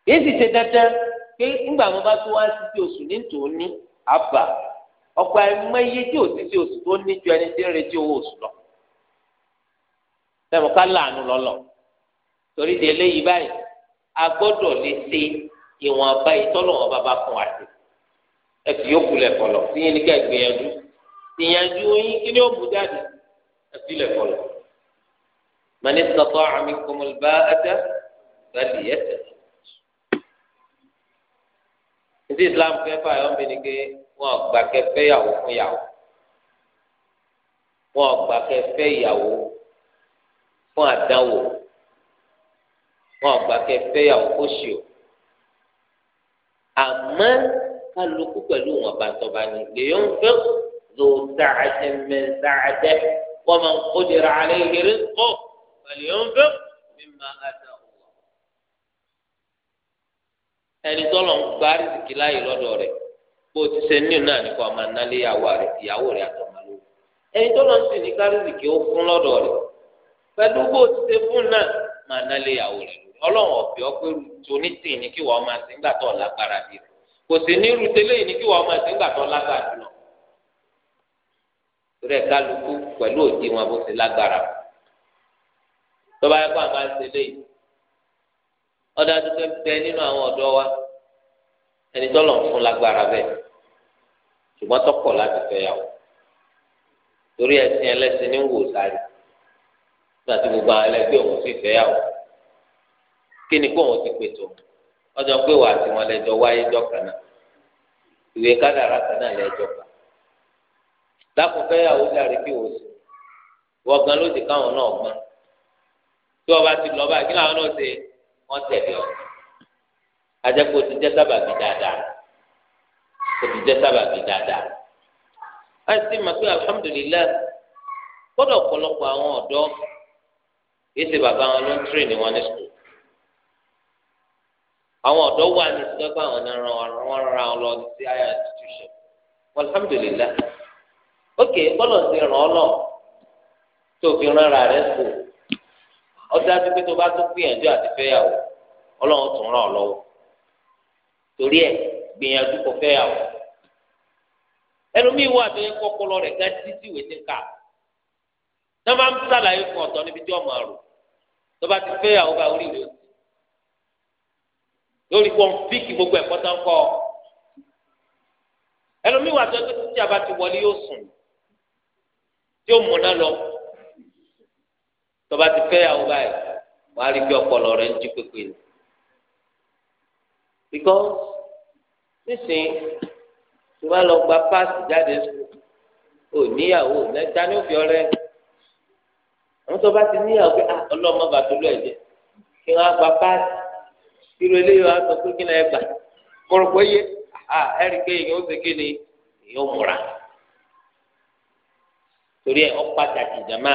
yìí sì ṣe dandan pé ńgbà wọn bá tó wá sí ti oṣù ní tòóní àbà ọ̀pọ̀ ẹ̀mọ́yé tí òsì ti oṣù tó ní ju ẹni tí ń retí owó oṣù lọ tẹ̀mọ̀ ká láàánú lọ́lọ́ torí di eléyìí báyìí a gbọ́dọ̀ lè ṣe ìwọ̀nba ìtọ́lọ̀ bàbá fún wa sí ẹ fi yókù lẹ̀ sí yín ní ká ìgbìyànjú ìyànjú yín kí ni ó bu jáde àti ilẹ̀ kọlọ̀ mani sọ̀tọ̀ àmì kọmọlùbá ẹ̀dá bẹ́ẹ̀ yẹ tẹ̀. ní Islam fẹ́ fà yọ̀ mí ni pé wọ́n gbà kẹfẹ́ yàwó fún yàwó wọ́n gbà kẹfẹ́ yàwó fún àdánwò wọ́n gbà kẹfẹ́ yàwó fún ṣìò àmọ́ kálukú pẹ̀lú wọn bá tọ́ba ni lèyọ́n fẹ́ ذو سعة من سعته ومن قدر عليه رزقه فلينفق مما آتاه الله ẹni tọ́lọ̀ ń gba rìsìkì láàyè lọ́dọ̀ rẹ̀ bó ti ṣe ní náà nípa ọmọ anáálé ìyàwó rẹ̀ ìyàwó rẹ̀ àtọmọ lówó ẹni tọ́lọ̀ ń sì ní ká rìsìkì ó fún lọ́dọ̀ rẹ̀ pẹ̀lú bó ti ṣe fún náà máa anáálé ìyàwó rẹ̀ ọlọ́run ọ̀fẹ́ ọpẹ́ tonítìn ní kí wọ́n máa ṣe ń gbàtọ̀ lágbára bí rẹ̀ kò sí ní irú tẹ́lẹ̀ ní kí wọ́n máa ṣe ń gbàtọ̀ lágbára bí rẹ̀ torí ẹ kálukú pẹ̀lú òdi wọn bó ti lágbára tọ́ba ẹ̀kọ́ àmà ń ṣẹlẹ̀ ọ̀dà tó fẹ́ nínú àwọn ọ̀dọ́ wa ẹni tọ́lọ̀ ń fún lágbára bẹ́ẹ̀ ṣùgbọ́n tọ́pọ̀ láti fẹ́ torí ẹlẹ́sìn ní wò sáré nígbà tí gbogbo àwọn òun sì fẹ́ kí ni kó òun ti ọjọ́ pé lẹ́jọ́ wáyé jọ́ dákun fẹ́yàwó jàre kí wò sí wọ́n gan ló ti káwọn náà gbọ́n tí wọ́n bá ti lọ báyìí kí làwọn náà ṣe wọ́n tẹ̀lé ọ ajẹ́pọ̀ ti jẹ́ sábàbí dáadáa kò ti jẹ́ sábàbí dáadáa a sì mọ̀ pé alihamudulilayi gbọ́dọ̀ àwọn ọ̀dọ́ yìí bàbá wọn ló ń tírè ní wọn ní sùkúl àwọn ọ̀dọ́ wà ní sọ́gbà wọn náà wọn ra wọn lọ sí higher institution alihamudulilayi ókè bọ́lọ̀ ti ràn ọ́ lọ tó fi rán ara rẹ sùn ọdún àti pé tó bá tún gbìyànjú àti fẹ́yàwó ọlọ́run tún ràn ọ́ lọ́wọ́ torí ẹ̀ gbìyànjú kò fẹ́yàwó ẹlòmíì wà tó yẹ kọ́kọ́ lọ rẹ̀ gán títí ìwé ti kà tó bá ń sàlàyé fún ọ̀tọ̀ níbi tí ọmọ rò tó bá ti fẹ́yàwó bá orí rẹ̀ lórí kó fíkì gbogbo ẹ̀kọ́ tán kọ́ ẹlòmíì wà tó yẹ kó títí àbá ti wọlé yóò sùn tí ó múná lọ tọba ti fẹ́ yàwó báyìí wà á rí bí ọpọlọ rẹ ń jí pépé ni because nísìnyí tó bá lọ gba páàsì jáde sùn ò níyàwó mẹ́ta ní òfin ọ̀rẹ́ àwọn tó bá ti níyàwó pé ọlọ́mọ bàtú lọ ẹ̀jẹ̀ kí wọ́n á gba páàsì irú eléyìí wọ́n á sọ pé kí náà ẹ gbà kọ́rọ̀pọ̀ yé ah, ẹ̀rí pé èèyàn ó ṣe kí ni èèyàn ó múra torí ẹ ọpàtàkì jama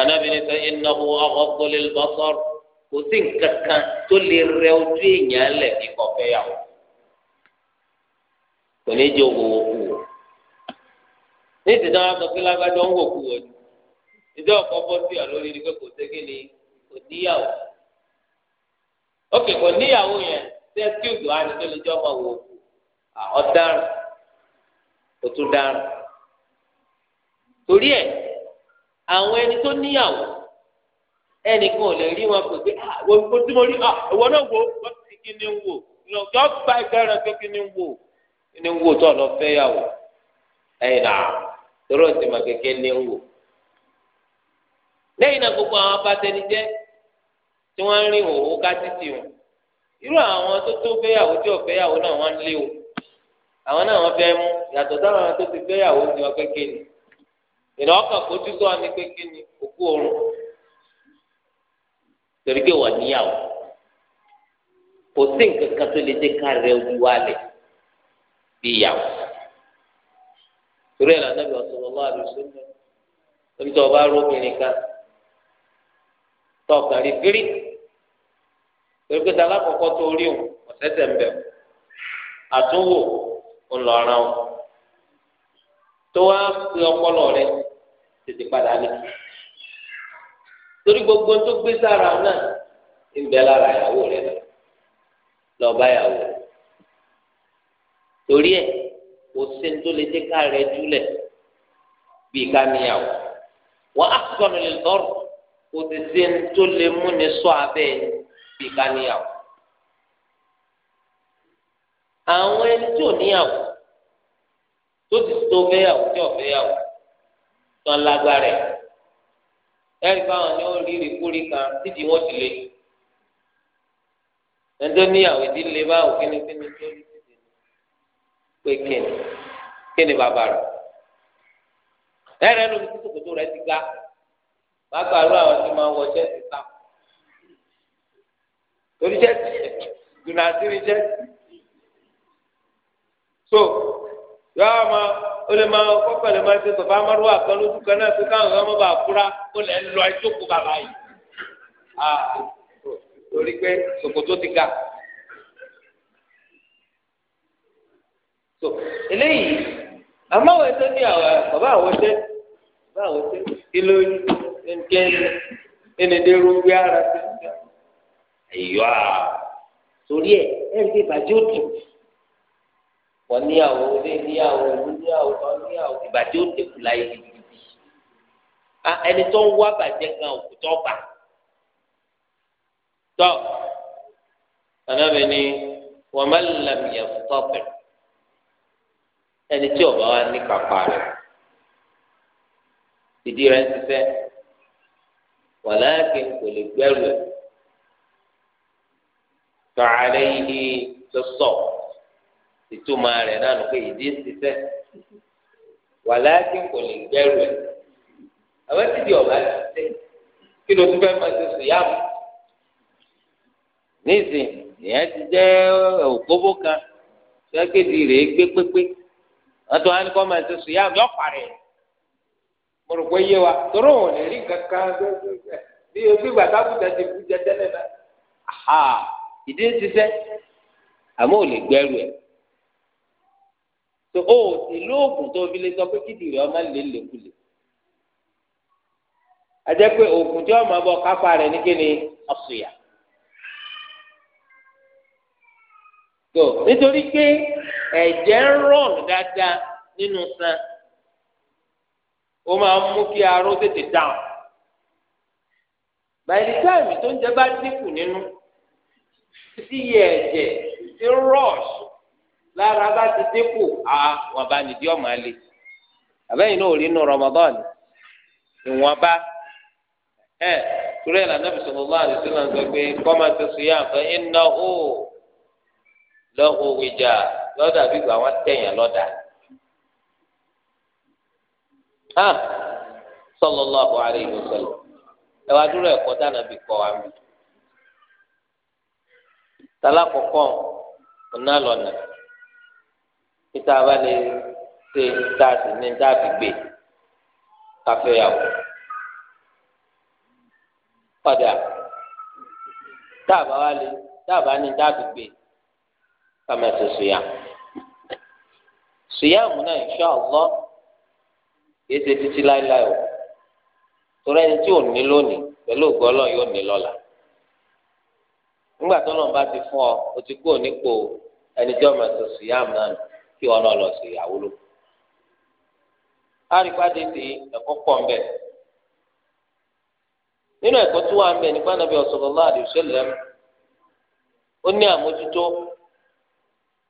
anabini sọ innahu aghaddu lil basar kò sí nǹkan kan tó lè rẹ ojú èèyàn lẹ kíkọ fẹyàwó kò ní jẹ owó kú o ní ìdíjà wọn sọ pé lágbájọ ń wò kú o ìdí ọkọ bọ sí ọ ni pé kò sí kíni kò níyàwó ókè kò níyàwó yẹn ṣé skills wa ni tó lè jọ ọmọ wò kú ọ̀daràn ó tún dáràn. torí ẹ àwọn ẹni tó níyàwó ẹnìkan ò lè rí wọn kò sí àwọn ojúmọ́ rí ah, ìwọ náà wò ó kí ni ń wò lọ́jọ́ gba ìgbẹ́ràn kí ni ń wò ni ń wò tó lọ náà mà kékeré ni ń wò. lẹ́yìn náà gbogbo àwọn tí wọ́n ń òwò wọn irú àwọn tó tó tí wọ́n lé o àwọn náà wọ́n fẹ́ mú yàtọ̀ tó ti ìlà ọkàn fojú sọ ni kékeré ni òkú oorun torí pé wọ́n níyàwó kò sí nǹkan kan tó lè dé ká rẹ ojú wa lẹ̀ bí ìyàwó torí ẹ̀ lànà bí ọ̀sán lọ́wọ́ àdùsùn náà lórí tó o bá kan tó rí fírí torí pé tala tó rí o ọ̀sẹ̀sẹ̀ ń bẹ̀ àtúnwò ńlọrọ̀ tó wá pe ọpọlọ rẹ̀ tètè padà lé torí gbogbo tó gbé sára náà ń bẹ lára ìyàwó rẹ lọ lọba ìyàwó rẹ torí ẹ kò sí ní tó lè dé ká rẹ júlẹ bí ká níyàwó wọn á sọnù lè lọrùn kò sì sí ní tó lè mú ní sọ abẹ bí ká níyàwó àwọn ẹni tí ò níyàwó tó ti tó fẹ́yàwó tí ò fẹ́yàwó tán lágbára ẹ̀ ẹ̀rí báwọn ni ó rí ìrìkúrí kan títí wọ́n ti lé ẹjọ́ níyàwó ìdílé báwo kíni kíni tó rí títí pé kíni kíni bàbá rẹ̀ ẹ̀rẹ́ lómi tí kòkòtò rẹ̀ ti ga bàbá rẹ̀ àwọn tí máa ń wọ ṣẹ́ẹ̀tì sáà torí ṣẹ́ẹ̀tì dùnà sí ní ṣẹ́ẹ̀tì so yọọ ma ó lè máa kọ́kọ́ lè máa ṣe sọ̀fà amadu àkàn lójú kan náà pé káwọn ọmọ bá fura ó lè lọ ìjókòó bàbá yìí torí pé ṣòkòtò ti ga. so eléyìí àmọ́wò ẹ̀tọ́ ní àwọn bàbá àwọn ṣẹ́ bàbá àwọn ṣẹ́ ìlú ẹnìkẹ́ ẹnìdẹ́rù wí ara ṣe ń gbà. ẹ̀yọ́ a torí ẹ̀ ẹ̀ ń ṣe ìbàjẹ́ òtún wọ́n níyàwó ilé níyàwó ìlú níyàwó kan níyàwó ìbàjẹ́ ò dẹ̀kù láyé gidigidi ẹni tó ń wá bàjẹ́ gan òkú tó bà tọ́ anábì ni wọ́n má làmìyàn tọ́pẹ̀ ẹni tí ọba wa ní kápá rẹ̀ ìdí rẹ̀ ń ṣiṣẹ́ wàláàkì kò lè gbẹ́rù tọ́ àlẹ́ yìí tó sọ̀rọ̀. ìtumọ̀ rẹ̀ náà nù pé ìdí ń ṣiṣẹ́ wà láti kò lè gbẹ́rù ẹ̀ àwọn ti di ti ṣiṣẹ́ kí ló tún fẹ́ máa ṣe sùn yàmù ìyẹn ti jẹ́ òkóbó kan gbé pépé wọ́n tún ní kọ́ máa ṣe sùn yàmù pé yé wa wọn lè rí kankan bí kú tẹ́lẹ̀ náà ìdí ń ṣiṣẹ́ tó o sì lóògùn tó fi lè sọ pé kídìrì ọmọ lè a àjẹ́ pé oògùn tí ọmọ bọ kápá rẹ̀ ní kíni ọ̀sùyà. tó nítorí pé ẹ̀jẹ̀ ń rọ̀n dáadáa nínú san ó máa ń mú kí aró tètè dáhùn báyìí táìmì tó ń jẹ bá dínkù nínú tí ẹ̀jẹ̀ rush lára bá ti dínkù á wọn bá nìdí ọmọ alẹ àbẹ́yìn náà ò rí inú Ramadan ìwọ̀nba ẹ torí ẹ̀ lànà sallallahu alaihi wasallam sọ pé kọ́má ti sùn yá àfẹ́ iná ó lọ́wọ́ ìjà lọ́dà bí gbà wọ́n tẹ̀yàn lọ́dà. sallallahu alaihi wasallam ẹ wá dúró ẹ̀kọ́ dáná bí kọ́ wa mi. tálá kọ̀ọ̀kan ọ̀nà lọ́nà níta bá lè ṣe níta sí ní níta fi gbé káfíyàwó ọ̀dà táàbà wá lè táàbà ní níta fi gbé kàmẹ́sì sùyà sùyà múná insha Allah kìí ṣe títí láéláé o torí ẹni tí ò ní lónìí pẹ̀lú ògbọ́ ọlọ́run yóò ní lọ́la nígbà tó lọ́n bá ti fún ọ o ti kú ònípò ẹni tí ọmọ ẹ̀sọ̀ sùyàm náà kí wọn náà lọ sí ìyàwó ló. àríkàdé ti ẹ̀kọ́ pọ̀ ń bẹ̀. nínú tó wà ń bẹ̀ nípa nàbí sallallahu alaihi ó ní àmójútó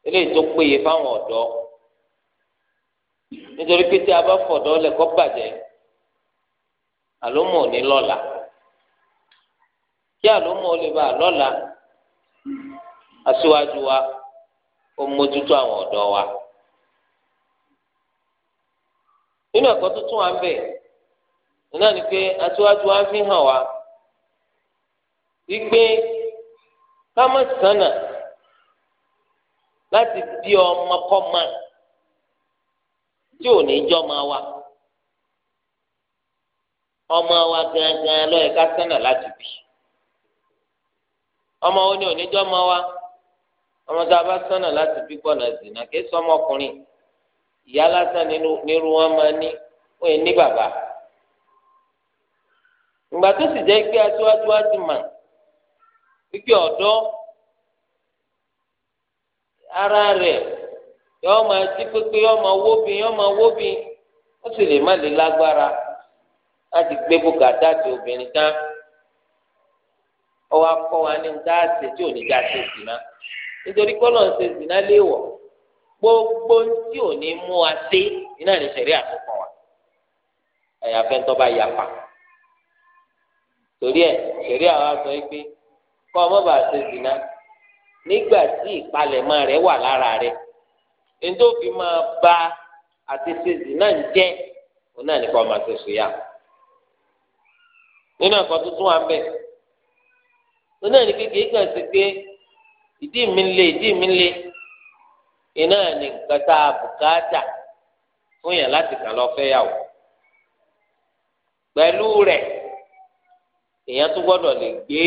eléyìí tó péye fáwọn ọ̀dọ́ nítorí pé tí a bá wa nínú ẹ̀kọ́ tuntun wa ń bẹ nínú àná pé aṣíwájú wa ń fi hàn wá wípé ká má sànà láti di tí ò ní jọ́ máa wá ọmọ wa gangan lọ́yẹ ká sànà láti bì ọmọ wo ni ò ní jọ́ máa wá ọmọ tá a bá sànà láti bí ìyá lásán nírú wọn máa ní wọn yẹn ní bàbá ìgbà tó sì jẹ́ pé aṣíwájú wa ti mà wípé ọ̀dọ́ ara rẹ̀ yọ máa jí pépé yọ máa wóbi yọ máa wóbi ó sì lè má lè lágbára láti gbé bùkátà obìnrin tán ọwọ́ akọ́ ní tí ò ní náà nítorí ń ṣe sí náà gbogbo tí ò ní mú wa sí iná ní sẹ̀rí àtúkọ̀ wa àyàfẹ́ tó bá yapa torí ẹ̀ sẹ̀rí àwọn sọ pé kọ́ ọmọ ṣe nígbà tí ìpalẹ̀mọ́ rẹ̀ wà lára rẹ̀ ntòfi máa ba àti ṣe ń jẹ́ òun náà nípa ọmọ àti nínú ẹ̀kọ́ tuntun wa bẹ̀ òun náà ní mi ìdí mi iná ní nǹkan tá a bùkátà fún yàn láti kàn lọ fẹ́ yàwó pẹ̀lú rẹ̀ èèyàn tún gbọ́dọ̀ lè gbé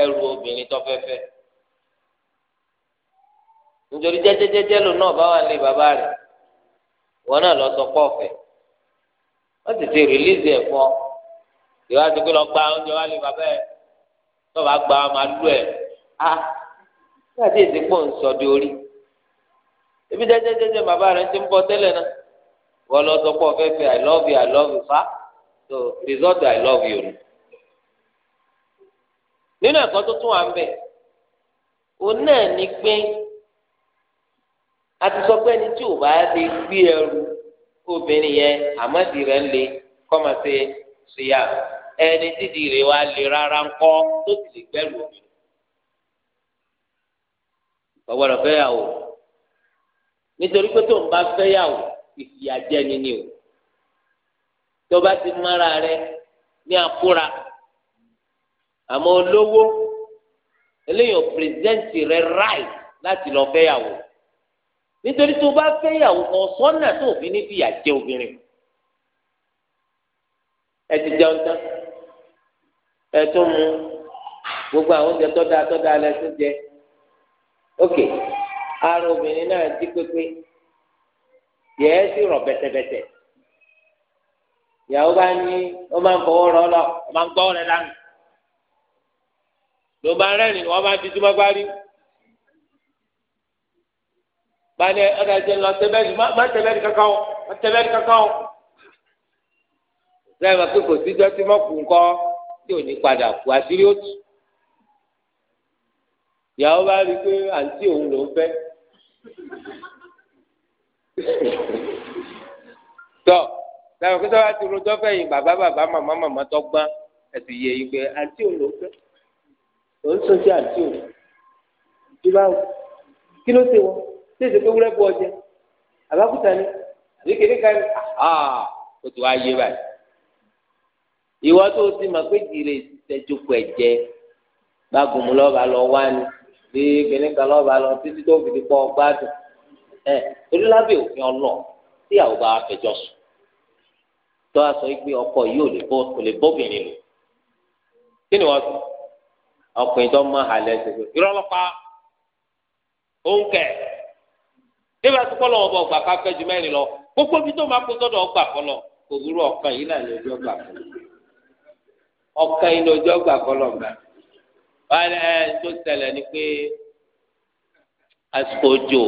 ẹrù obìnrin tó nítorí jẹ́jẹ́jẹ́jẹ́ ló náà bá wà lé bàbá rẹ̀ wọn náà lọ sọ pọ̀ wọ́n ti rìlíìsì ẹ̀ fún ọ lọ gba oúnjẹ wá lé bàbá ẹ̀ tó bá gba ọmọ ẹ̀ á ah, ń di orí. ebi jẹjẹjẹjẹ bàbá rẹ ti ń bọ tẹ́lẹ̀ náà wọ́n lọ sọ pé ọ̀fẹ́ fẹ́ i love you i love you fa so result i love you nù. nínú ẹ̀kọ́ tó tún wà ń bẹ̀ òun náà ni pé a ti sọ pé ẹni tí ò bá lè gbé ẹrù obìnrin yẹn àmọ́dì rẹ̀ ń le kọ́ máa ṣe ṣìyà ẹni títí rẹ̀ wá lè rárá ń kọ́ tó sì lè gbẹ́rù obìnrin. ọ̀gbọ́dọ̀ fẹ́ yà wò nítorí pé tó ń bá fẹ́yàwó ìfìyàjẹni ni o tó bá ti mára rẹ ní àfúrà àmọ́ olówó eléyàn pírẹsidẹ́ǹtì rẹ ráì láti lọ fẹ́yàwó nítorí tó bá fẹ́yàwó ọ̀sọ́nà tó fi ní fìyà jẹ obìnrin ẹ ti jẹun tán ẹ tún mu gbogbo àwọn oúnjẹ tó dáa tó dáa lẹ tún jẹ ókè. Okay ara obìnrin náà jí pépé yẹ̀ẹ́ sì rọ̀ bẹ́tẹ̀bẹ́tẹ̀ ìyàwó bá ní wọ́n máa ń fọwọ́ rọ ọ lọ wọ́n máa ń gbọ́ rẹ lánàá ló bá rẹ́rìn wọ́n máa fi túmọ̀ gbárí balẹ̀ ọ̀dà jẹ́ lọ tẹ́bẹ́rì má tẹ́bẹ́rì kankan o má tẹ́bẹ́rì kankan o lẹ́yìn wọn pé kò síjọ́ tí wọ́n kù ńkọ́ tí ò ní padà kú àṣírí òtù ìyàwó bá rí i pé àǹtí òun ló ń tọ́ làwọn kí sọ́wọ́ ti rojọ́ fẹ̀yìn bàbá bàbá màmá màmá tó gbọ́n ẹ̀sì yẹ yìí pé àǹtí òun ló fẹ́ òun sọ sí àǹtí òun tí bá wù kí ló ṣe wọn tí èsì pé wúrẹ́ bu ọjẹ àbákúta ni àbí kékeré kan ó ti wá yé báyìí ìwọ tó ti mọ̀ pé jìrè ìtẹ́jú pẹ̀ jẹ bá gùn mú lọ́ba lọ wá ni. tí kìnìún kan lọ́ba lọ títí tó fi pọ̀ gbádùn ẹ torí lábẹ́ òfin ọlọ tí àwọn bá fẹjọ́ sùn tó a sọ pé ọkọ yìí ò lè bọ́ kò lè bọ́bìnrin lò kí ni wọ́n fi ọkùnrin tó máa halẹ̀ ṣe irọ́ ọlọ́pàá lọ gbogbo tó máa kó sọ́dọ̀ ọgbà ọkàn yìí náà ní ojú ọgbà wàhálà eh, ẹ tó ṣẹlẹ̀ ni pé àsìkò òjò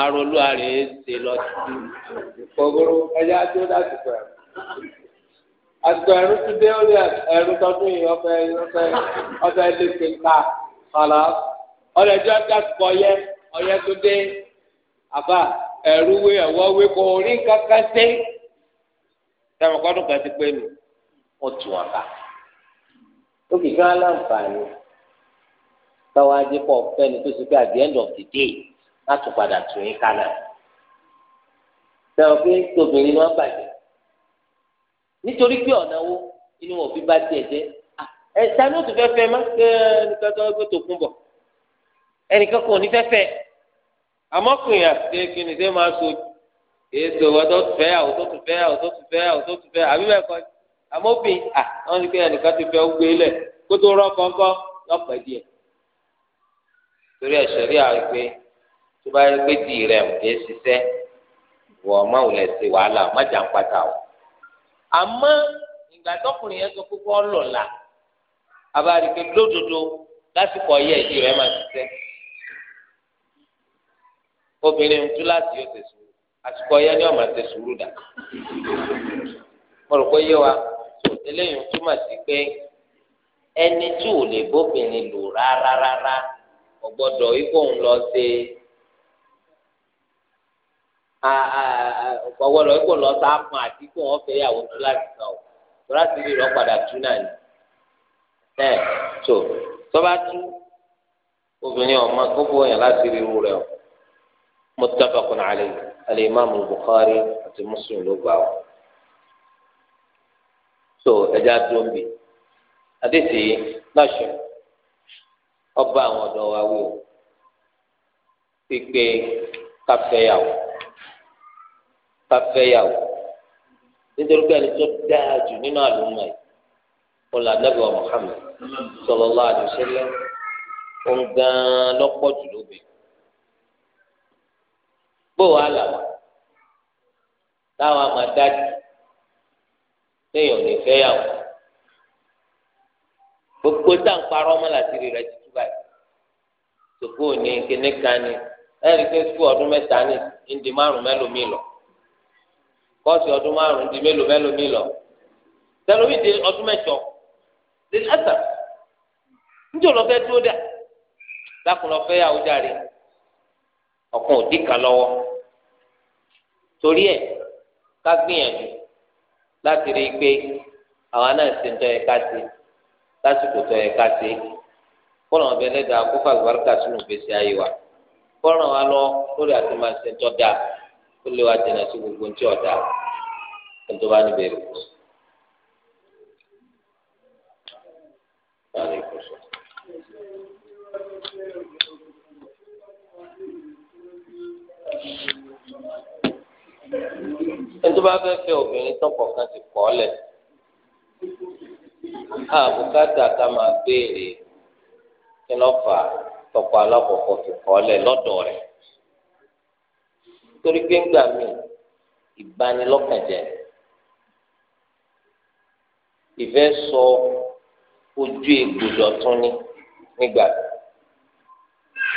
arolú àrè ṣe lọ sí kòkòrò ẹyà tó dásìkò ẹ àsìkò ẹrú ti dé orí ẹrú tọdún yìí ọbẹ ọbẹ ọbẹ lè ṣe ká kọlá ọlẹ jọ dásìkò ọyẹ ọyẹ tó dé àbá ẹrú wé ẹwọ wé kò rí kankan sí sẹwọn kọdún kan ti pé mi ó tù wọn ó kì í kí wọn láǹfààní táwọn ajé pọ̀ fẹ́ni tó ṣe pé at the end of the day láti padà tù yín kánà sẹ́wọ̀n pé tóbìnrin wọn bàjẹ́ nítorí pé ọ̀nà wo inú wọn fi bá tiẹ̀ jẹ́ ẹ sani o tún fẹ́ fẹ́ má ṣe ẹnìkan tó gbé tó kún bọ̀ ẹnìkan kò ní fẹ́ fẹ́ amọ́kùnrin àti kìnìún ṣe máa so èso wọn tún fẹ́ àwọn tún fẹ́ àwọn tún fẹ́ àwọn tún fẹ́ àbí bẹ́ẹ̀ kọ́ ni àmóbìn à wọn ní kéèyàn nìkan ti fẹ́ gbé lẹ̀ kó tó rọ́ kọ́ńkọ́ lọ́pẹ́ díẹ̀ torí ẹ̀ṣẹ̀ rí àwọn ìpè tó bá yẹ pé tì rẹ̀ ń ké ṣiṣẹ́ wọ ọmọ òlẹ̀ ṣe wàhálà má jà ń pàtà o àmọ́ ìgbà tọkùnrin yẹn sọ kókó ọlọ́la abáríkè lódodo lásìkò ọyẹ ìdí rẹ̀ máa ṣiṣẹ́ obìnrin ń tú láti yóò ṣe àsìkò ọyẹ ni ọmọ ṣe sùúrù dà pé yé wa eléyìí túmọ̀ sí pé ẹni tí ò lè bóbìnrin lò rárá rárá kò gbọ́dọ̀ ikú òun lọ ṣe kò gbọ́dọ̀ ikú lọ sá fún àti ikú wọn fẹ́ yàwó tó láti sàn o tó láti rí lọ padà tú náà ni ẹ tó tó bá tú obìnrin ọmọ gbogbo yẹn láti rí irú rẹ̀ o muttafaqun alayhi al-imam Bukhari àti Muslim ló gbà wọn so ẹja dúró ń bì adéṣe lọ́sùn ọba àwọn ọ̀dọ́ wa wí o pípé káfẹ́yàwó káfẹ́yàwó nítorí pé ẹni tó dáa jù nínú àlùmọ́ yìí wọn là nàbẹ̀ wa Muhammad sallallahu alaihi wasallam wọn gan lọ́pọ̀ jù lóbi bó wàá là wà táwọn àmàdájú. téèyàn ò ní fẹ́ yà wọ́n gbogbo tá à ń parọ́ mọ́ làtìrì rẹ̀ ti tú báyìí sòkò ní kíní kan ní ẹ̀rí pé sùkúù ọdún mẹ́ta ní ndí márùn mẹ́lòmíì lọ kọ́ọ̀sì ọdún márùn ndí mélòó mẹ́lòmíì lọ tẹlomi di ọdún mẹ́jọ lè lásà njẹ́ ò lọ fẹ́ dúró dà dákun lọ fẹ́ yàwó jáde ọ̀kan kan lọ́wọ́ torí ẹ̀ ká gbìyànjú. láti rí i pé àwa náà ti ń tọ́ ẹ̀ka sí lásìkò tọ́ ẹ̀ka sí kọ́nà ọ̀bẹ lẹ́dàá akókò àlùbáríkà sínú ìgbésí ayé wa kọ́nà wa lọ lórí àti máa ṣe ń tọ́ da ó lé wa jìnnà sí gbogbo ń tí ọ̀dà tó ń tó bá níbẹ̀rẹ̀ kù sí. ẹni tó bá fẹ́ fẹ́ obìnrin tọkọ kan ti kọ́ lẹ̀ àbùkátà ká máa béèrè kí ló fà tọkọ alákọ̀ọ́kọ́ ti kọ́ lẹ̀ lọ́dọ̀ rẹ̀ torí pé ńgbà míì ìbanilọ́kànjẹ́ ìfẹ́ sọ ojú egbòdò tún ní nígbà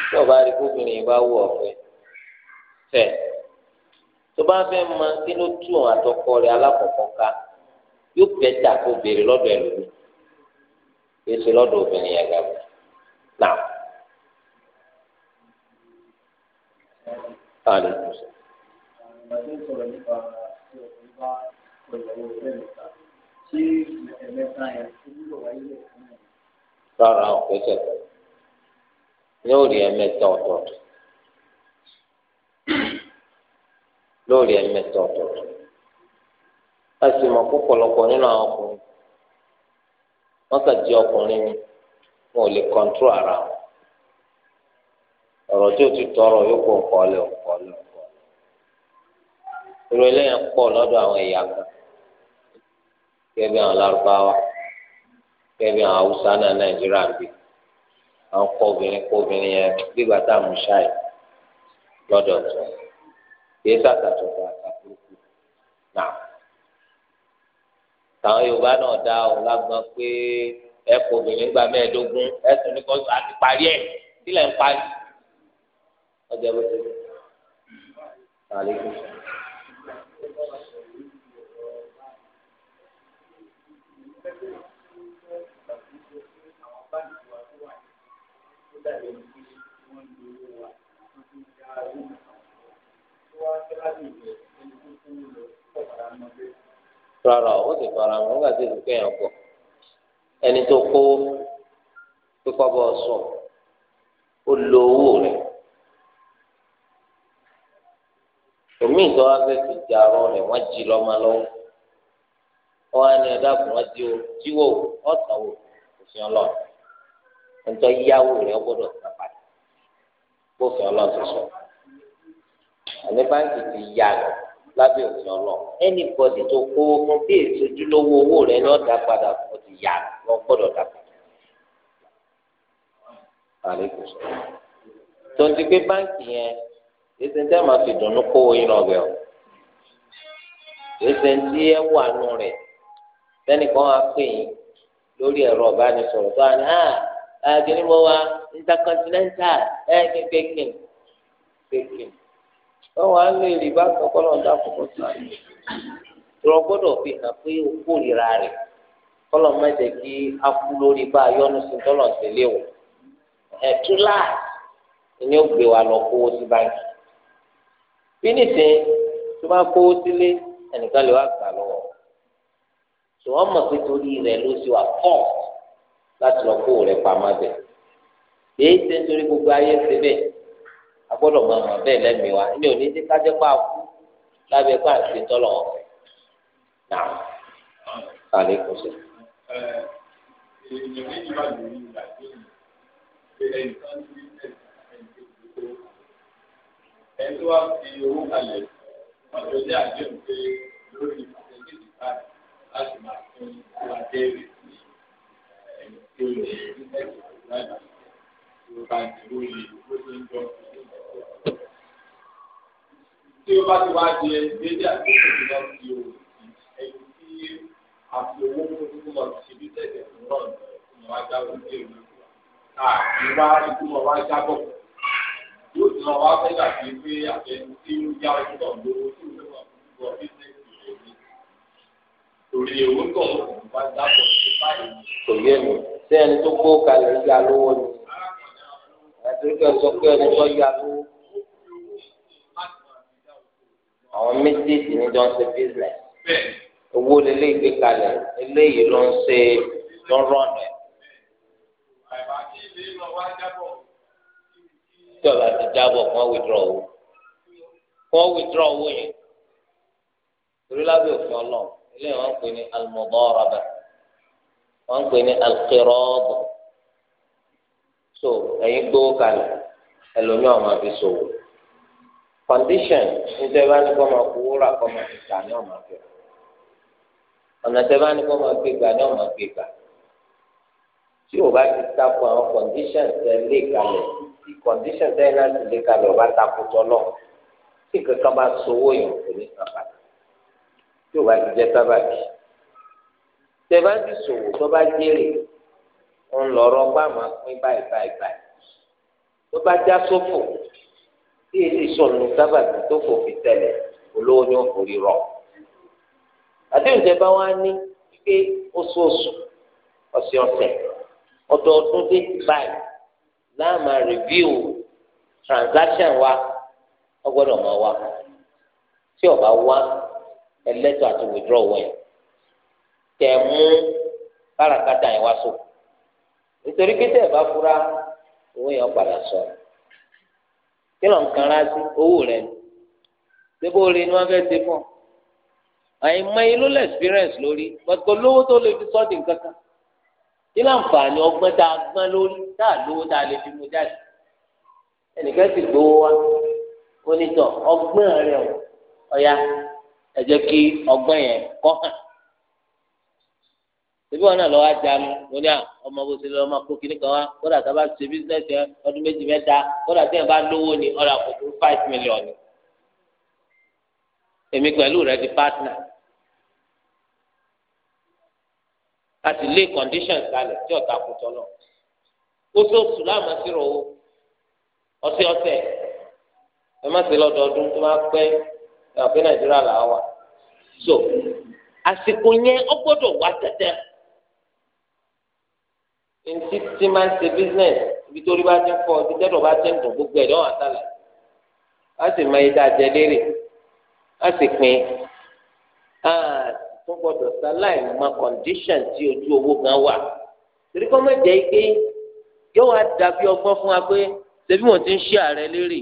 tí ọba arígbóbìnrin bá wù ọ̀fẹ́ fẹ́ẹ́ tó bá fẹ́ mọ kí ló tú òun àtọkọ rẹ̀ alákọ̀ọ́kọ́ ká yóò bẹ́tà kó béèrè lọ́dọ̀ ẹ̀ lómi yóò ṣe lọ́dọ̀ obìnrin yẹn gàgbọ́ náà. Alẹ́ kò sọ. Rárá, òkè sẹ́kọ̀ọ́. Yóò rí ẹ̀mẹ́ta ọ̀tọ̀ọ̀tọ̀. lórí ẹ̀mẹta ọ̀tọ̀ọ̀tọ̀ a sì mọ̀ kó pọ̀lọpọ̀ nínú àwọn ọkùnrin wọ́n kà jẹ́ ọkùnrin ni wọn ò lè ara wọn tí o ti tọrọ yóò kó nǹkan ọ̀lẹ́ nǹkan ọ̀lẹ́ nǹkan ọ̀lẹ́ irú eléyàn pọ̀ lọ́dọ̀ àwọn ẹ̀yà kan àwọn obìnrin kìí sàtàtúntà àtàkùrùkù náà táwọn yorùbá náà dá o lágbọn pé ẹ kò obìnrin gba mẹ́ẹ̀ẹ́dógún ẹsùn ní kọsùn àti parí ẹ sílẹ̀ ń parí ọjọ́ bó ti parí Thank you rárá o ti fara mọ́ nígbà tí èdè kẹyàn gbọ́ ẹni tó kó pípa bọ sùn ó lo owó rẹ èmi ìtọ́ wa fẹ́ fi jà ọ̀rọ̀ rẹ̀ wọ́n jí lọ́mọ lọ́wọ́ wọ́n á ní ẹ̀dá kù wọ́n jí o jíwò ọ̀tàn òfin ọlọ́run ẹ̀ńtọ́ yáwó rẹ̀ ó gbọ́dọ̀ sábà bófin ọlọ́run ti sọ àní báńkì ti yà lọ lábẹ́ òfin ọlọ ẹnìbọdì tó kó fún bí ìṣojúlówó owó rẹ ní ọdà padà ó ti yà wọn gbọ́dọ̀ dà padà. tó ń ti gbé báńkì yẹn èsì ń tẹ́ máa fi dùnnú kó oyin lọ bẹ̀ ọ́ èsì ń tí ẹ wà nù rẹ̀ sẹ́nìkan á pè yín lórí ẹ̀rọ ìbánisọ̀rọ̀ tó a ní à ah, àgbẹ̀ni ah, mo wa intercontinental ẹ̀ kékeré kékeré lọ́wọ́ á lè rí bákan kọ́ lọ́dọ̀ àkókò sáré ìrọ̀ gbọ́dọ̀ fi hàn pé o kórìíra rẹ̀ kọ́lọ̀ má kí a kú lórí bá a yọ́nu sí tọ́lọ̀ tẹ̀lé o ẹ̀túlá ni ó gbé wa lọ kówó sí báńkì bí nìsín tó bá kówó sílé ẹnìkan lè wá gbà lọ́wọ́ tí wọ́n mọ̀ pé torí rẹ̀ ló ṣe wà fọ́ọ̀ láti lọ kó rẹ̀ pamọ́ bẹ̀ èyí ṣe ń torí gbogbo ayé ṣe bẹ́ẹ̀ agbọ́dọ̀ máa hàn bẹ́ẹ̀ lẹ́mìí wa ní òní tí kájẹ́ pa kú lábẹ́ pa àti tọ́lọ̀ ọ̀fẹ́ náà kàlẹ́ kò sí. ẹni tó wá fi owó kalẹ̀ wọ́n ti ọdẹ àdéhùn pé lórí ìpàdé báyìí láti máa fún ìwà déèrè sí ẹni tí ó lè ní ẹ̀sìn ìwà ìbàdàn tó bá ti lórí ìwé tó ń jọ sí tí o bá ti wá di ẹgbẹ́jà tó ti lọ sí o ẹni tí àti owó fún tí mo ti bí tẹ̀lé fún náà ni wọ́n á jábọ̀ sí èmi káàkiri wá ìtumọ̀ wá jábọ̀ yóò ti lọ wá fẹ́ dàbí pé àtẹnu tí ó yá ọjọ́ lówó tí o lọ́wọ́ lọ bí tẹ̀lé èmi torí ewu tó ń bá jábọ̀ sí báyìí. kò mi sẹ́ni tó kó kalẹ̀ ń ga lówó ni àti pé sọ pé ẹni tó yá lówó àwọn méjèèjì ní jọ ń ṣe business owó lélẹ́yìí gbé kalẹ̀ eléyìí ló ń ṣe ló ń rọ̀nà ẹ̀. tí ọ̀la ti jábọ̀ kán withdraw owó kán withdraw owó yẹn torí lábẹ́ òfin ọlọ́run eléyìí wọ́n ń pè ní almudaraba wọ́n ń pè ní alqirad so ẹ̀yin gbowó kalẹ̀ ẹlòmíì ọmọ àfi sòwò condition níta ẹ bá ní kọ́ máa kówó rà kọ́ máa fi gbà ní ọmọ àfi ọ̀nà tẹ bá ní kọ́ máa gbé gbà ní ọmọ àfi gbà tí o bá ti takò àwọn condition tẹ lé kalẹ̀ tí condition tẹ náà ti lé kalẹ̀ o bá takò tọ́lọ̀ tí kankan bá sowó yẹn kò ní sábàtì tí o bá ti jẹ sábàtì tẹ bá ti sòwò tó bá jèrè. ń lọrọ gbàmà pín báyìí báyìí báyìí tó bá já sófò tí èsì sọnù tó fò fi tẹ́lẹ̀ olówó ni ó forí rọ àdéhùn tẹ bá wá ní pé oṣooṣù ọ̀sẹ̀ ọ̀sẹ̀ ọdọọdún dé báyìí láàmà rìvíù wa tí ọba wá ẹlẹ́tọ̀ àti withdraw mú yẹn nítorí pé tẹ́ ẹ̀ bá fura owó yẹn padà sọ kí ló ń kanra sí owó rẹ ni débò rẹ ni wọ́n fẹ́ ṣe fún ọ àìmọ inú lẹ experience lórí pàtó lówó tó lè fi sọ́ọ̀dì kankan kí ló ń fà ní ọgbọ́n tá a gbọ́n lórí tá a lówó tá a lè fi mú jáde ẹnìkan sì gbowó wa onítọ̀ ọgbọ́n rẹ o ọ̀ya ẹ jẹ́ kí ọgbọ́n yẹn kọ́ hàn ṣebí wọn náà lọ wá jánu wọn ní ọmọ bó ṣe lọ ọmọ kó kíní kan wá kódà tá a bá ṣe bísíǹsì ẹ ọdún méjì mẹ́ta kódà tí yẹn bá lówó ni ọ̀rọ̀ àkókò five million ni èmi pẹ̀lú rẹ di partner láti lé conditions kalẹ̀ tí ọ̀tá kò tọ́lọ̀ oṣooṣù láàmú sírò owó ọ̀sẹ̀ ọ̀sẹ̀ ẹ má ṣe lọ́dọọdún tó máa pẹ́ ẹ̀ ọ̀pẹ́ nàìjíríà làá wà so àsìkò yẹn ó gbọ́dọ̀ wá tẹ́tẹ́ ntí tí máa ń ṣe business ibi tó rí bá ti ń fọ ibi tẹ́lọ̀ bá ti ń dùn gbogbo ẹ̀ lọ́wọ́ àtàlà a sì máa yí dáa jẹ lérè a sì pín a gbọdọ̀ sáláì mọ condition tí ojú owó gan wà torí kọ́ mọ̀ jẹ́ pé yóò wá dàbí ọgbọ́n fún wa pé ṣebí mo ti ń ṣe ààrẹ lérè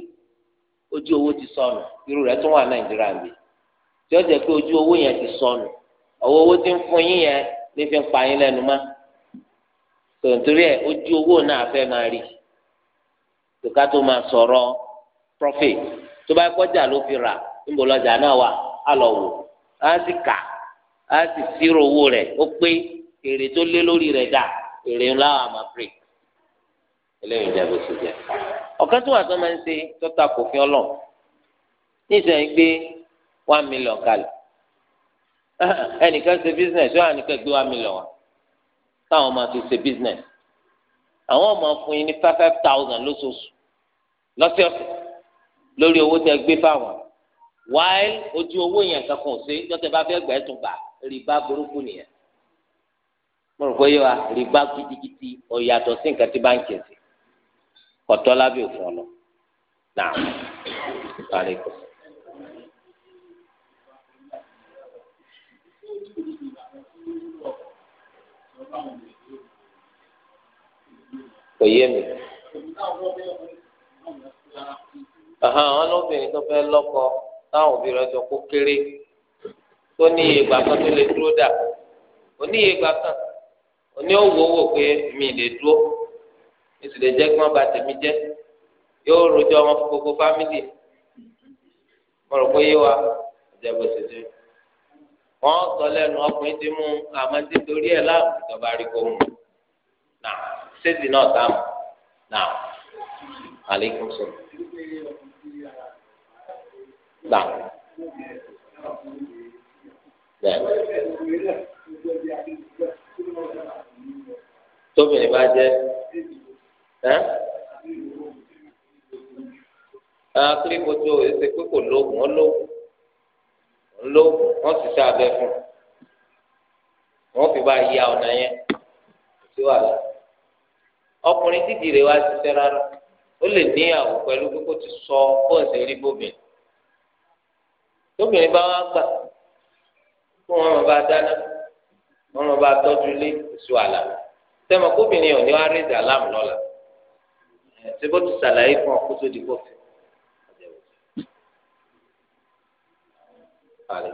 ojú owó ti sọnù irú rẹ̀ tún wà nàìjíríà mi tí ó jẹ́ pé ojú owó yẹn ti sọnù ọwọ́ owó ti ń fún yín yẹn ní fi ń pa yín lẹ́nu mọ́ tòǹtòrí ẹ ojú owó náà fẹ́ máa rí tòká tó máa sọ̀rọ̀ profit tó bá kọjá ló fi rà níbo lọjà náà wà á lọ wò á sì kà á sì sírò owó rẹ ó pé èrè tó lé lórí rẹ dà èrè ńlá wà máa pè eléyìí jẹ bó ṣe jẹ ọ̀kan tó wà tó máa ń ṣe tọ́ta kò fi ọlọ́ nísìnyí gbé one million kalẹ̀ ẹnìkan ṣe business yóò hàn nìkan gbé one million wá. táwọn máa fi ṣe business àwọn máa fún yín ní five five thousand lóṣooṣù lọ́sẹ̀ọ̀sẹ̀ lórí owó tẹ́ gbé fáwọn while ojú owó yẹn kankan ò sí jọ́tẹ̀ bá fẹ́ gbẹ̀ẹ́ tún gbà rìbá burúkú nìyẹn mo rò pé yẹ wa rìbá gidigidi ọ̀yàtọ̀ sí nǹkan tí báńkì ẹ̀sìn kọ̀tọ́ lábẹ́ òfin ọ̀nà náà parí kò kò yé mi. àwọn lóbìnrin tó fẹ́ lọ́kọ táwọn òbí rẹ̀ sọ kó kéré tó ní iye ìgbà kan tó lè dúró dà ó ní iye ìgbà kan ó ní òwò wò pé mi lè dúró mi sì lè jẹ́ kí wọ́n bà tèmi jẹ́ yóò rojọ́ wọn fún gbogbo fámìlì mo rò pé yé wa ìjẹ́bù sì ti rí wọn sọ lẹ́nu ọkùnrin ti mú àmọ́ ti torí ẹ láàmú ìjọba rí kó mú náà ṣéèdì náà dáàmú náà àlékún sọ gbà bẹ́ẹ̀ tóbìnrin bá jẹ ẹ kírípótó ẹsẹ pé kò lóògùn ó lóògùn lóògùn wọ́n sì sábẹ́ fún wọ́n fi bá ya ọ̀nà yẹn sí wàhálà ọkùnrin dídì rẹ̀ wá ṣiṣẹ́ rárá ó lè níyàwó pẹ̀lú pé kó ti sọ bóńsẹ̀ rí bóbìnrin tóbìnrin bá wá gbà kó wọn bá dáná wọn bá tọ́jú ilé ìṣù àlà sẹ́mi kóbìnrin ò ní wá rí ìdàlámù lọ́la ṣé bó ti ṣàlàyé fún ọ kó tó di kó fi parí.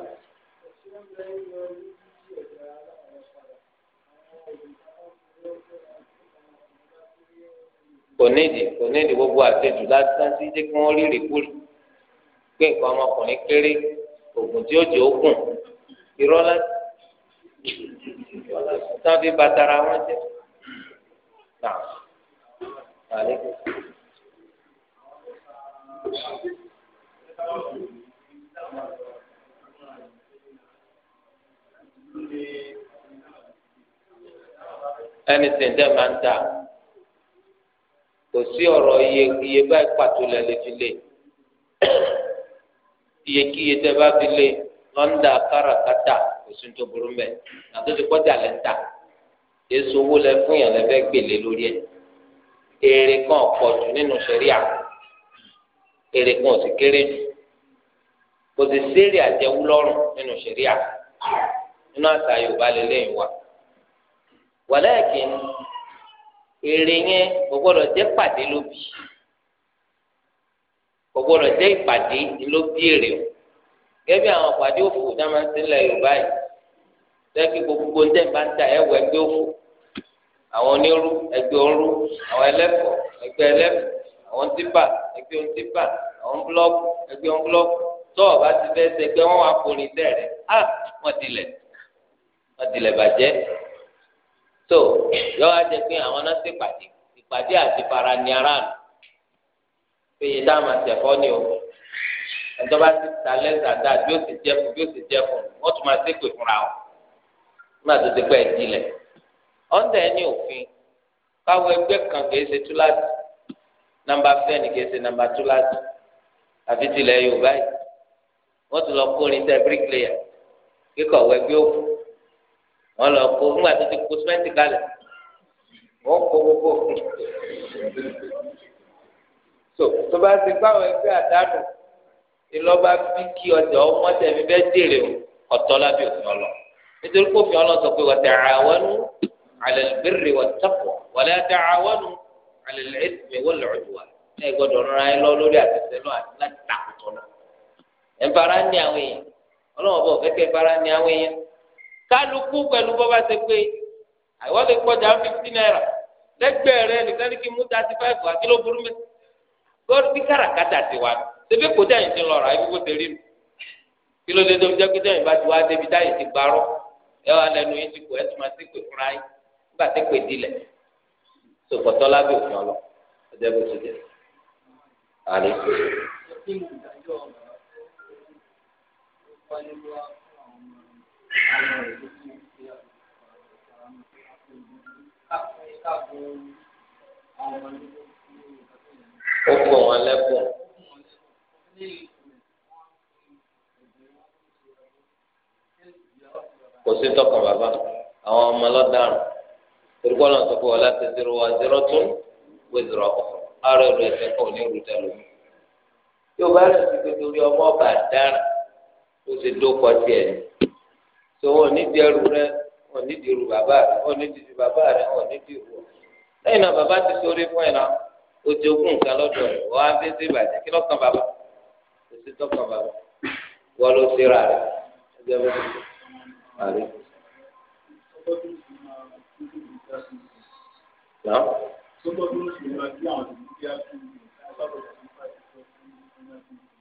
kò nídìí kò nídìí gbogbo àtẹjù lásán sí jẹ́ kí wọ́n rí rèkúrì pé nǹkan ọmọkùnrin kéré oògùn tí ó jẹ́ oògùn irọ́ láti tán fi bàtàrà wọn jẹ́ nà àlékún. Thank ẹni tẹ̀ dẹ́ máa ń tà kò sí ọ̀rọ̀ iye iye báyìí pàtó lẹ lè fi lé iyekíye tẹ bá fi lé lọ́ńdà káràkátà kò sí tó burú mẹ́ àti tó kọjá lẹ́ ń tà èso owó lẹ fún yàn lẹ fẹ́ gbèlè lórí ẹ̀ èrè kan pọ̀ jù nínú sẹ́ríà èrè kan ò sì kéré jù kò sì sẹ́ríà jẹ́ wúlọ́rùn nínú sẹ́ríà nínú àṣà yorùbá lélẹ́yìn wa wàlẹ́ẹ̀kìn èrè yẹn kò gbọ́dọ̀ jẹ́ pàdé lóbi kò gbọ́dọ̀ jẹ́ ìpàdé lóbi èrè o gẹ́gẹ́ bí àwọn pàdé òfò tá a máa ń sílẹ̀ yorùbá yìí lẹ́kì gbogbo ń tẹ̀bá ń ta ẹ̀wọ̀ ẹgbẹ́ òfò àwọn onírú ẹgbẹ́ òru àwọn ẹlẹ́fọ̀ ẹgbẹ́ ẹlẹ́fọ̀ àwọn típà ẹgbẹ́ ontípà àwọn búlọ́ọ̀kù ẹgbẹ́ onbúlọ́ọ̀kù tọ́ọ̀ bá ti fẹ́ ṣẹgbẹ́ wọn wà poli tẹ̀rẹ̀ á wọ́n tilẹ̀ wọn dilẹ̀ bàjẹ́ tó yọ wá jẹ pé àwọn náà ṣe pàdé ìpàdé àti fara ní aráàlú péye dáhùn àtẹ̀fọ́ ni o ẹjọ́ bá ti ta lẹ́sà dáa bí ó ti jẹ́ fún bí ó ti jẹ́ fún wọ́n tún máa ṣépè fúnra o nígbà tó ti pẹ́ dilẹ̀ ọ̀ndẹ̀ ní òfin káwọn ẹgbẹ́ kan kìí ṣe túláàtì nàmbà fẹ́ẹ̀nì kìí ṣe nàmbà túláàtì àfi tilẹ̀ Yorùbá yìí wọ́n ti lọ kórin tẹ bíríkìlẹ̀yà kíkọ̀wé gbé òkú wọn lọ kó ńgbà tó ti kó sìmẹ́ǹtì kalẹ̀ wọn kó gbogbo so tó bá ti báwọn ẹgbẹ́ àdánù ìlọba bí kí ọjà ọmọdé mi bẹ dèrè o ọ̀tọ̀ lábẹ́ òfin ọlọ nítorí pé òfin ọlọ sọ pé wa ta'awanu 'ala al-birri wat-taqwa wa la ta'awanu 'ala al-ithmi wal-'udwan ẹ gbọ́dọ̀ rọra ẹ lọ lórí àtẹsẹ lọ àti láti takùtọ lọ ẹ bára ní àwọn èèyàn ọlọ́wọ́ bọ̀ bára ní àwọn èèyàn kálukú pẹ̀lú bọ́ba ṣe pé àìwọ́ lè kọjá fifty naira lẹ́gbẹ̀ẹ́ rẹ nìkan ní kí n mú thirty five àti ló burú mi gbọ́dọ̀ bí káràkátà ti wà ṣebí kò dáyìn ti lọ́ra ibi kò ti rí mi kí ló dé tó fi jẹ́ pé dáyìn bá ti wá débi dáyìn ti gbarọ́ ẹ wà lẹ́nu yín ti kù ẹ tún máa ti pè fúnra yín nígbà tí pè dilẹ̀ sòkòtọ́ lábẹ́ òfin ọlọ ọjọ́ bó ti dẹ̀ àlè ó kó wọn lẹ́kùn. kò sí tọkàn bàbá àwọn ọmọ lọ́dàrún torípọ̀ náà sọ pé ọ̀la ti zero wa zero two wí zero ọ̀fọ̀ ara ẹ̀rọ ẹ̀sẹ̀ kan ò ní ìrù dàlú mi. yóò bá rẹ̀ sí pé torí ọmọ ọba dára ó ti dókọ̀ tiẹ̀ ni tó wọn ní di ẹrù rẹ wọn ní di ẹrù bàbá rẹ wọn ní di bàbá rẹ wọn ní di ẹrù lẹ́yìn náà bàbá ti sórí fún ẹ náà o ti ogún nǹkan lọ́dọ̀ rẹ wọn á fẹsẹ̀ ìbàjẹ́ kí lọkàn bàbá kò sí tọkàn bàbá wọn ló ti rà rẹ ẹgbẹ́ wọn àrí.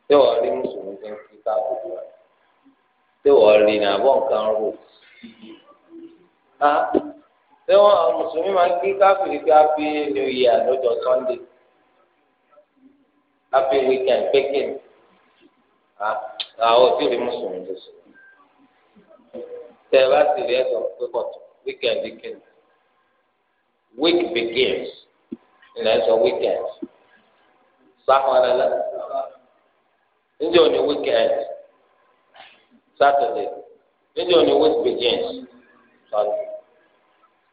Yóò rí Mùsùlùmí kí n kí káàbọ̀ wá ṣé wọ́n rí ní abọ́ nǹkan rò á ṣé wọ́n mùsùlùmí máa ń kí káfíìrì pé happy new year lọ́jọ́ sunday happy weekend pékin àwọn òbí rí mùsùlùmí tó sọ tẹ bá sì rí ẹsọ pé kọtù weekend begins week begins ilẹ̀ ẹsọ weekend sáwọn ẹlẹ́lẹ́ níjẹ́ òní weekend. Saturday níjọ́ ni west virginia sunday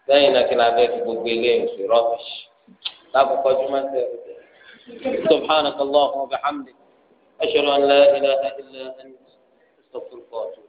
lẹ́yìn náà kí la fẹ́ fi gbogbo eléyìí sí rubbish lákòókò jùmọ̀ sí ẹ̀ subhanaka allahumma wa bihamdik ashhadu an la ilaha illa anta astaghfiruka wa atubu